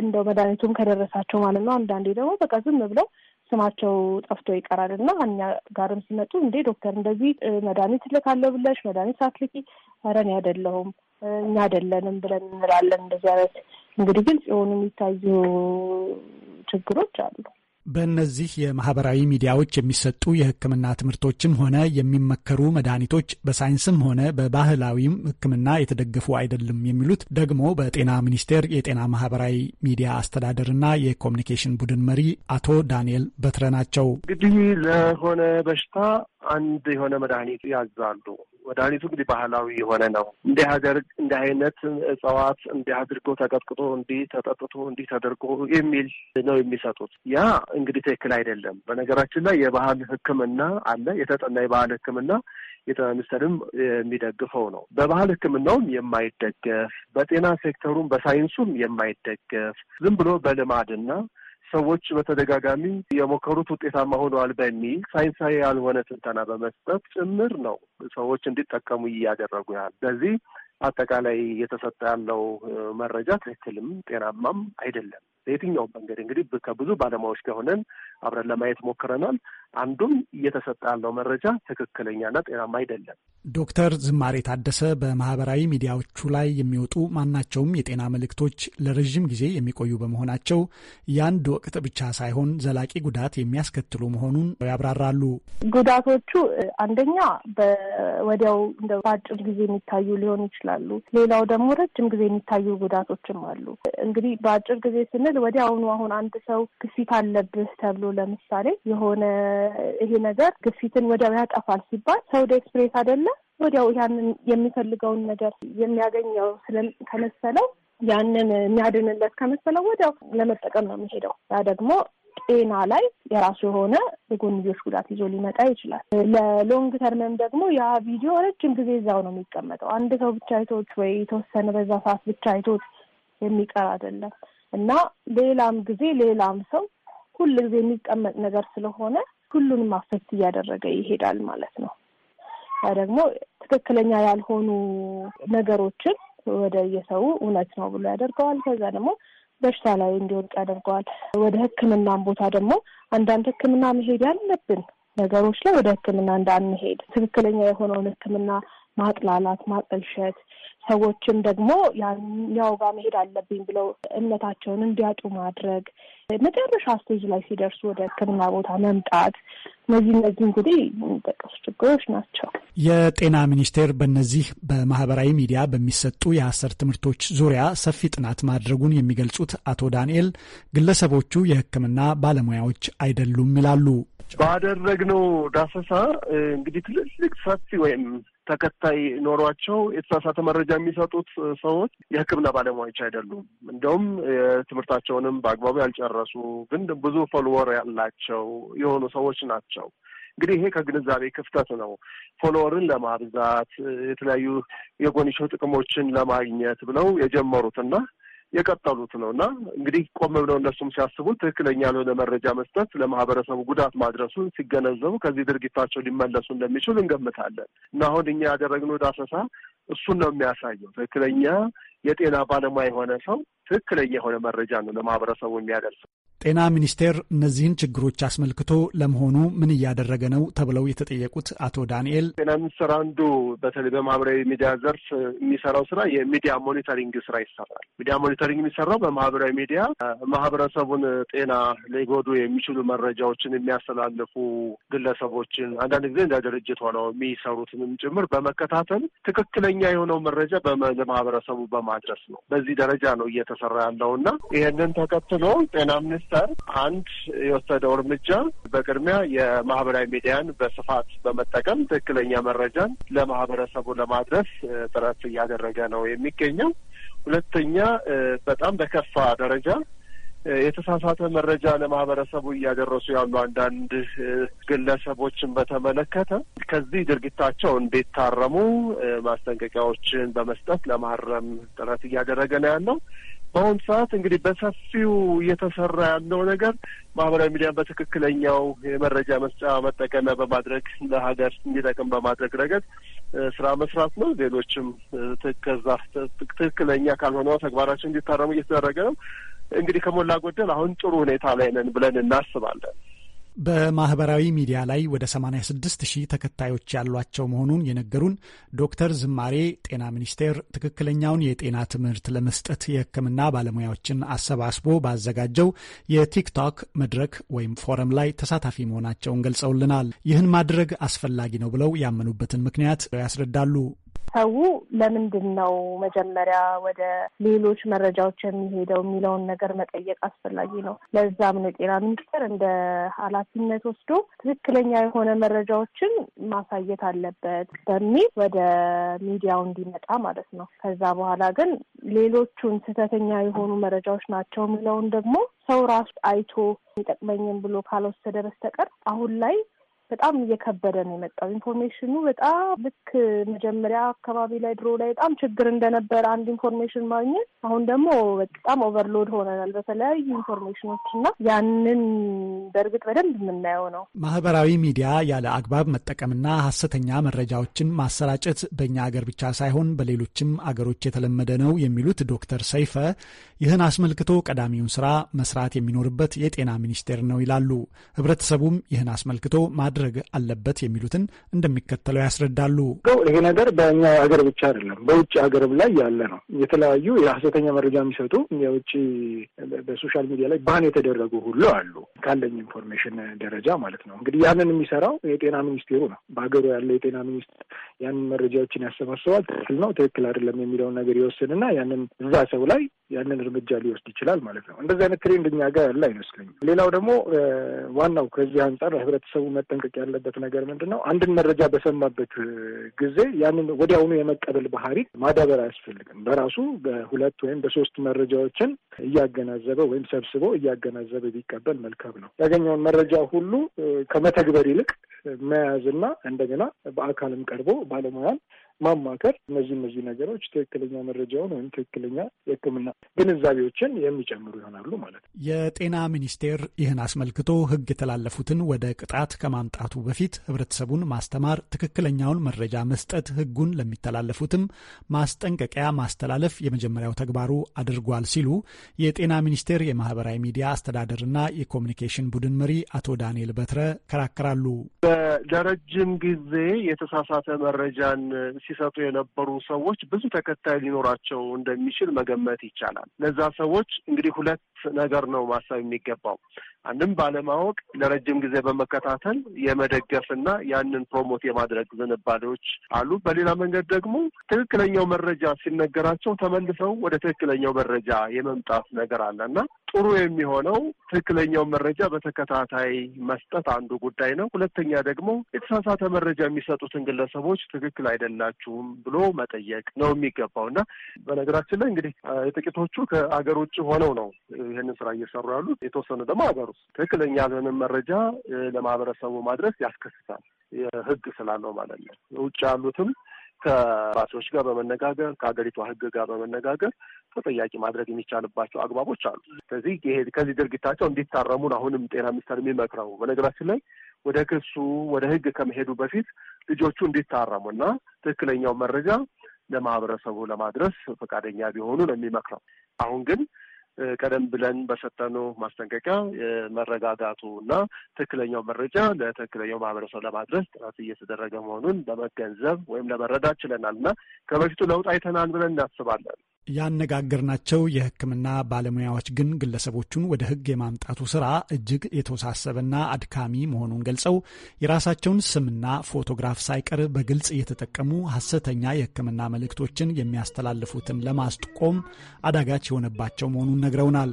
እንደው መድኃኒቱም ከደረሳቸው ማለት ነው። አንዳንዴ ደግሞ በቃ ዝም ብለው ስማቸው ጠፍቶ ይቀራል እና እኛ ጋርም ሲመጡ እንዴ ዶክተር እንደዚህ መድኃኒት እልካለሁ ብለሽ መድኃኒት ሳትልኪ ኧረ እኔ አይደለሁም እኛ አይደለንም ብለን እንላለን። እንደዚህ አይነት እንግዲህ ግልጽ የሆኑ የሚታዩ ችግሮች አሉ። በእነዚህ የማህበራዊ ሚዲያዎች የሚሰጡ የሕክምና ትምህርቶችም ሆነ የሚመከሩ መድኃኒቶች በሳይንስም ሆነ በባህላዊም ሕክምና የተደገፉ አይደለም የሚሉት ደግሞ በጤና ሚኒስቴር የጤና ማህበራዊ ሚዲያ አስተዳደርና የኮሚኒኬሽን ቡድን መሪ አቶ ዳንኤል በትረ ናቸው። እንግዲህ ለሆነ በሽታ አንድ የሆነ መድኃኒት ያዛሉ። መድኃኒቱ እንግዲህ ባህላዊ የሆነ ነው። እንዲህ ሀገር እንዲህ አይነት እጽዋት እንዲህ አድርጎ ተቀጥቅጦ እንዲህ ተጠጥቶ እንዲህ ተደርጎ የሚል ነው የሚሰጡት። ያ እንግዲህ ትክክል አይደለም። በነገራችን ላይ የባህል ሕክምና አለ የተጠና የባህል ሕክምና የጤና ሚኒስቴርም የሚደግፈው ነው። በባህል ሕክምናውም የማይደገፍ በጤና ሴክተሩም በሳይንሱም የማይደገፍ ዝም ብሎ በልማድና ሰዎች በተደጋጋሚ የሞከሩት ውጤታማ ሆነዋል በሚል ሳይንሳዊ ያልሆነ ስልጠና በመስጠት ጭምር ነው ሰዎች እንዲጠቀሙ እያደረጉ ያህል በዚህ አጠቃላይ እየተሰጠ ያለው መረጃ ትክክልም ጤናማም አይደለም። በየትኛውም መንገድ እንግዲህ ከብዙ ባለሙያዎች ጋር ሆነን አብረን ለማየት ሞክረናል። አንዱም እየተሰጠ ያለው መረጃ ትክክለኛና ጤናማ አይደለም። ዶክተር ዝማሬ ታደሰ በማህበራዊ ሚዲያዎቹ ላይ የሚወጡ ማናቸውም የጤና መልእክቶች ለረዥም ጊዜ የሚቆዩ በመሆናቸው የአንድ ወቅት ብቻ ሳይሆን ዘላቂ ጉዳት የሚያስከትሉ መሆኑን ያብራራሉ። ጉዳቶቹ አንደኛ በወዲያው እንደ በአጭር ጊዜ የሚታዩ ሊሆኑ ይችላሉ። ሌላው ደግሞ ረጅም ጊዜ የሚታዩ ጉዳቶችም አሉ። እንግዲህ በአጭር ጊዜ ስንል ወዲያውኑ አሁን አንድ ሰው ግፊት አለብህ ተብሎ ለምሳሌ የሆነ ይሄ ነገር ግፊትን ወዲያው ያጠፋል ሲባል ሰው ወደ ኤክስፕሬስ አይደለ ወዲያው ያንን የሚፈልገውን ነገር የሚያገኘው ከመሰለው ያንን የሚያድንለት ከመሰለው ወዲያው ለመጠቀም ነው የሚሄደው። ያ ደግሞ ጤና ላይ የራሱ የሆነ የጎንዮሽ ጉዳት ይዞ ሊመጣ ይችላል። ለሎንግ ተርመም ደግሞ ያ ቪዲዮ ረጅም ጊዜ እዛው ነው የሚቀመጠው። አንድ ሰው ብቻ አይቶች ወይ የተወሰነ በዛ ሰዓት ብቻ አይቶት የሚቀር አይደለም እና ሌላም ጊዜ ሌላም ሰው ሁል ጊዜ የሚቀመጥ ነገር ስለሆነ ሁሉንም አፌክት እያደረገ ይሄዳል ማለት ነው። ያ ደግሞ ትክክለኛ ያልሆኑ ነገሮችን ወደ የሰው እውነት ነው ብሎ ያደርገዋል። ከዛ ደግሞ በሽታ ላይ እንዲወድቅ ያደርገዋል። ወደ ሕክምናም ቦታ ደግሞ አንዳንድ ሕክምና መሄድ ያለብን ነገሮች ላይ ወደ ሕክምና እንዳንሄድ ትክክለኛ የሆነውን ሕክምና ማጥላላት፣ ማጠልሸት ሰዎችም ደግሞ ያኛው ጋር መሄድ አለብኝ ብለው እምነታቸውን እንዲያጡ ማድረግ፣ መጨረሻ ስቴጅ ላይ ሲደርሱ ወደ ሕክምና ቦታ መምጣት፣ እነዚህ እነዚህ እንግዲህ የሚጠቀሱ ችግሮች ናቸው። የጤና ሚኒስቴር በእነዚህ በማህበራዊ ሚዲያ በሚሰጡ የሐሰት ትምህርቶች ዙሪያ ሰፊ ጥናት ማድረጉን የሚገልጹት አቶ ዳንኤል ግለሰቦቹ የሕክምና ባለሙያዎች አይደሉም ይላሉ። ባደረግነው ዳሰሳ እንግዲህ ትልልቅ ሰፊ ወይም ተከታይ ኖሯቸው የተሳሳተ መረጃ የሚሰጡት ሰዎች የሕክምና ባለሙያዎች አይደሉም። እንደውም ትምህርታቸውንም በአግባቡ ያልጨረሱ ግን ብዙ ፎሎወር ያላቸው የሆኑ ሰዎች ናቸው። እንግዲህ ይሄ ከግንዛቤ ክፍተት ነው። ፎሎወርን ለማብዛት የተለያዩ የጎንዮሽ ጥቅሞችን ለማግኘት ብለው የጀመሩት እና የቀጠሉት ነው እና እንግዲህ ቆም ብለው እነሱም ሲያስቡ ትክክለኛ ያልሆነ መረጃ መስጠት ለማህበረሰቡ ጉዳት ማድረሱን ሲገነዘቡ ከዚህ ድርጊታቸው ሊመለሱ እንደሚችሉ እንገምታለን እና አሁን እኛ ያደረግነው ዳሰሳ እሱን ነው የሚያሳየው። ትክክለኛ የጤና ባለሙያ የሆነ ሰው ትክክለኛ የሆነ መረጃ ነው ለማህበረሰቡ የሚያደርሰው። ጤና ሚኒስቴር እነዚህን ችግሮች አስመልክቶ ለመሆኑ ምን እያደረገ ነው ተብለው የተጠየቁት አቶ ዳንኤል ጤና ሚኒስቴር አንዱ በተለይ በማህበራዊ ሚዲያ ዘርፍ የሚሰራው ስራ የሚዲያ ሞኒተሪንግ ስራ ይሰራል። ሚዲያ ሞኒተሪንግ የሚሰራው በማህበራዊ ሚዲያ ማህበረሰቡን ጤና ሊጎዱ የሚችሉ መረጃዎችን የሚያስተላልፉ ግለሰቦችን አንዳንድ ጊዜ እንደ ድርጅት ሆነው የሚሰሩትንም ጭምር በመከታተል ትክክለኛ የሆነው መረጃ ለማህበረሰቡ በማድረስ ነው። በዚህ ደረጃ ነው እየተ እየተሰራ ያለው እና ይህንን ተከትሎ ጤና ሚኒስቴር አንድ የወሰደው እርምጃ በቅድሚያ የማህበራዊ ሚዲያን በስፋት በመጠቀም ትክክለኛ መረጃን ለማህበረሰቡ ለማድረስ ጥረት እያደረገ ነው የሚገኘው። ሁለተኛ በጣም በከፋ ደረጃ የተሳሳተ መረጃ ለማህበረሰቡ እያደረሱ ያሉ አንዳንድ ግለሰቦችን በተመለከተ ከዚህ ድርጊታቸው ታረሙ ማስጠንቀቂያዎችን በመስጠት ለማረም ጥረት እያደረገ ነው ያለው። በአሁኑ ሰዓት እንግዲህ በሰፊው እየተሰራ ያለው ነገር ማህበራዊ ሚዲያን በትክክለኛው የመረጃ መስጫ መጠቀሚያ በማድረግ ለሀገር እንዲጠቅም በማድረግ ረገድ ስራ መስራት ነው። ሌሎችም ከዛ ትክክለኛ ካልሆነ ተግባራቸው እንዲታረሙ እየተደረገ ነው። እንግዲህ ከሞላ ጎደል አሁን ጥሩ ሁኔታ ላይ ነን ብለን እናስባለን። በማህበራዊ ሚዲያ ላይ ወደ 86 ሺህ ተከታዮች ያሏቸው መሆኑን የነገሩን ዶክተር ዝማሬ ጤና ሚኒስቴር ትክክለኛውን የጤና ትምህርት ለመስጠት የሕክምና ባለሙያዎችን አሰባስቦ ባዘጋጀው የቲክቶክ መድረክ ወይም ፎረም ላይ ተሳታፊ መሆናቸውን ገልጸውልናል። ይህን ማድረግ አስፈላጊ ነው ብለው ያመኑበትን ምክንያት ያስረዳሉ። ሰው ለምንድን ነው መጀመሪያ ወደ ሌሎች መረጃዎች የሚሄደው የሚለውን ነገር መጠየቅ አስፈላጊ ነው። ለዛም ነው የጤና ሚኒስቴር እንደ ኃላፊነት ወስዶ ትክክለኛ የሆነ መረጃዎችን ማሳየት አለበት በሚል ወደ ሚዲያው እንዲመጣ ማለት ነው። ከዛ በኋላ ግን ሌሎቹን ስህተተኛ የሆኑ መረጃዎች ናቸው የሚለውን ደግሞ ሰው ራሱ አይቶ ይጠቅመኝም ብሎ ካልወሰደ በስተቀር አሁን ላይ በጣም እየከበደ ነው የመጣው። ኢንፎርሜሽኑ በጣም ልክ መጀመሪያ አካባቢ ላይ ድሮ ላይ በጣም ችግር እንደነበረ አንድ ኢንፎርሜሽን ማግኘት፣ አሁን ደግሞ በጣም ኦቨርሎድ ሆነናል በተለያዩ ኢንፎርሜሽኖች እና ያንን በእርግጥ በደንብ የምናየው ነው። ማህበራዊ ሚዲያ ያለ አግባብ መጠቀምና ሀሰተኛ መረጃዎችን ማሰራጨት በእኛ ሀገር ብቻ ሳይሆን በሌሎችም አገሮች የተለመደ ነው የሚሉት ዶክተር ሰይፈ ይህን አስመልክቶ ቀዳሚውን ስራ መስራት የሚኖርበት የጤና ሚኒስቴር ነው ይላሉ። ህብረተሰቡም ይህን አስመልክቶ ማድ ማድረግ አለበት የሚሉትን እንደሚከተለው ያስረዳሉ። ይሄ ነገር በእኛ ሀገር ብቻ አይደለም፣ በውጭ ሀገርም ላይ ያለ ነው። የተለያዩ የሀሰተኛ መረጃ የሚሰጡ የውጭ በሶሻል ሚዲያ ላይ ባን የተደረጉ ሁሉ አሉ፣ ካለኝ ኢንፎርሜሽን ደረጃ ማለት ነው። እንግዲህ ያንን የሚሰራው የጤና ሚኒስቴሩ ነው። በሀገሩ ያለ የጤና ሚኒስቴር ያንን መረጃዎችን ያሰባስባል። ትክክል ነው፣ ትክክል አይደለም የሚለውን ነገር ይወስንና ያንን እዛ ሰው ላይ ያንን እርምጃ ሊወስድ ይችላል ማለት ነው። እንደዚህ አይነት ትሬንድ እኛ ጋር ያለ አይመስለኝም። ሌላው ደግሞ ዋናው ከዚህ አንጻር ህብረተሰቡ መጠንቀቅ ያለበት ነገር ምንድን ነው? አንድን መረጃ በሰማበት ጊዜ ያንን ወዲያውኑ የመቀበል ባህሪ ማዳበር አያስፈልግም። በራሱ በሁለት ወይም በሶስት መረጃዎችን እያገናዘበ ወይም ሰብስቦ እያገናዘበ ቢቀበል መልካም ነው። ያገኘውን መረጃ ሁሉ ከመተግበር ይልቅ መያዝና እንደገና በአካልም ቀርቦ ባለሙያን ማማከር እነዚህ እነዚህ ነገሮች ትክክለኛ መረጃውን ወይም ትክክለኛ የሕክምና ግንዛቤዎችን የሚጨምሩ ይሆናሉ ማለት ነው። የጤና ሚኒስቴር ይህን አስመልክቶ ሕግ የተላለፉትን ወደ ቅጣት ከማምጣቱ በፊት ህብረተሰቡን ማስተማር፣ ትክክለኛውን መረጃ መስጠት፣ ሕጉን ለሚተላለፉትም ማስጠንቀቂያ ማስተላለፍ የመጀመሪያው ተግባሩ አድርጓል ሲሉ የጤና ሚኒስቴር የማህበራዊ ሚዲያ አስተዳደርና የኮሚኒኬሽን ቡድን መሪ አቶ ዳንኤል በትረ ይከራከራሉ። ለረጅም ጊዜ የተሳሳተ መረጃን ሲሰጡ የነበሩ ሰዎች ብዙ ተከታይ ሊኖራቸው እንደሚችል መገመት ይቻላል። ለዛ ሰዎች እንግዲህ ሁለት ነገር ነው ማሰብ የሚገባው። አንድም ባለማወቅ ለረጅም ጊዜ በመከታተል የመደገፍና ያንን ፕሮሞት የማድረግ ዝንባሌዎች አሉ። በሌላ መንገድ ደግሞ ትክክለኛው መረጃ ሲነገራቸው ተመልሰው ወደ ትክክለኛው መረጃ የመምጣት ነገር አለ እና ጥሩ የሚሆነው ትክክለኛው መረጃ በተከታታይ መስጠት አንዱ ጉዳይ ነው። ሁለተኛ ደግሞ የተሳሳተ መረጃ የሚሰጡትን ግለሰቦች ትክክል አይደላችሁም ብሎ መጠየቅ ነው የሚገባው እና በነገራችን ላይ እንግዲህ የጥቂቶቹ ከአገር ውጭ ሆነው ነው ይህንን ስራ እየሰሩ ያሉት፣ የተወሰኑ ደግሞ ሀገር ውስጥ ትክክለኛ ያልሆነን መረጃ ለማህበረሰቡ ማድረስ ያስከስታል፣ ህግ ስላለው ማለት ነው። ውጭ ያሉትም ከራሴዎች ጋር በመነጋገር ከሀገሪቷ ህግ ጋር በመነጋገር ተጠያቂ ማድረግ የሚቻልባቸው አግባቦች አሉ። ስለዚህ ይሄ ከዚህ ድርጊታቸው እንዲታረሙን አሁንም ጤና ሚኒስቴር የሚመክረው በነገራችን ላይ ወደ ክሱ ወደ ህግ ከመሄዱ በፊት ልጆቹ እንዲታረሙና ትክክለኛው መረጃ ለማህበረሰቡ ለማድረስ ፈቃደኛ ቢሆኑ ነው የሚመክረው። አሁን ግን ቀደም ብለን በሰጠነው ማስጠንቀቂያ የመረጋጋቱ እና ትክክለኛው መረጃ ለትክክለኛው ማህበረሰብ ለማድረስ ጥረት እየተደረገ መሆኑን ለመገንዘብ ወይም ለመረዳት ችለናል እና ከበፊቱ ለውጥ አይተናል ብለን እናስባለን። ያነጋገርናቸው የሕክምና ባለሙያዎች ግን ግለሰቦቹን ወደ ሕግ የማምጣቱ ስራ እጅግ የተወሳሰበና አድካሚ መሆኑን ገልጸው የራሳቸውን ስምና ፎቶግራፍ ሳይቀር በግልጽ እየተጠቀሙ ሐሰተኛ የሕክምና መልእክቶችን የሚያስተላልፉትን ለማስጥቆም አዳጋች የሆነባቸው መሆኑን ነግረውናል።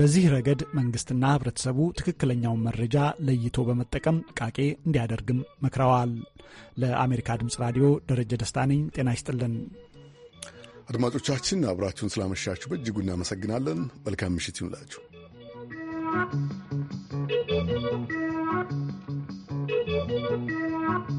በዚህ ረገድ መንግስትና ህብረተሰቡ ትክክለኛውን መረጃ ለይቶ በመጠቀም ጥንቃቄ እንዲያደርግም መክረዋል። ለአሜሪካ ድምጽ ራዲዮ ደረጀ ደስታ ነኝ። ጤና ይስጥልን። አድማጮቻችን አብራችሁን ስላመሻችሁ በእጅጉ እናመሰግናለን። መልካም ምሽት ይሁንላችሁ።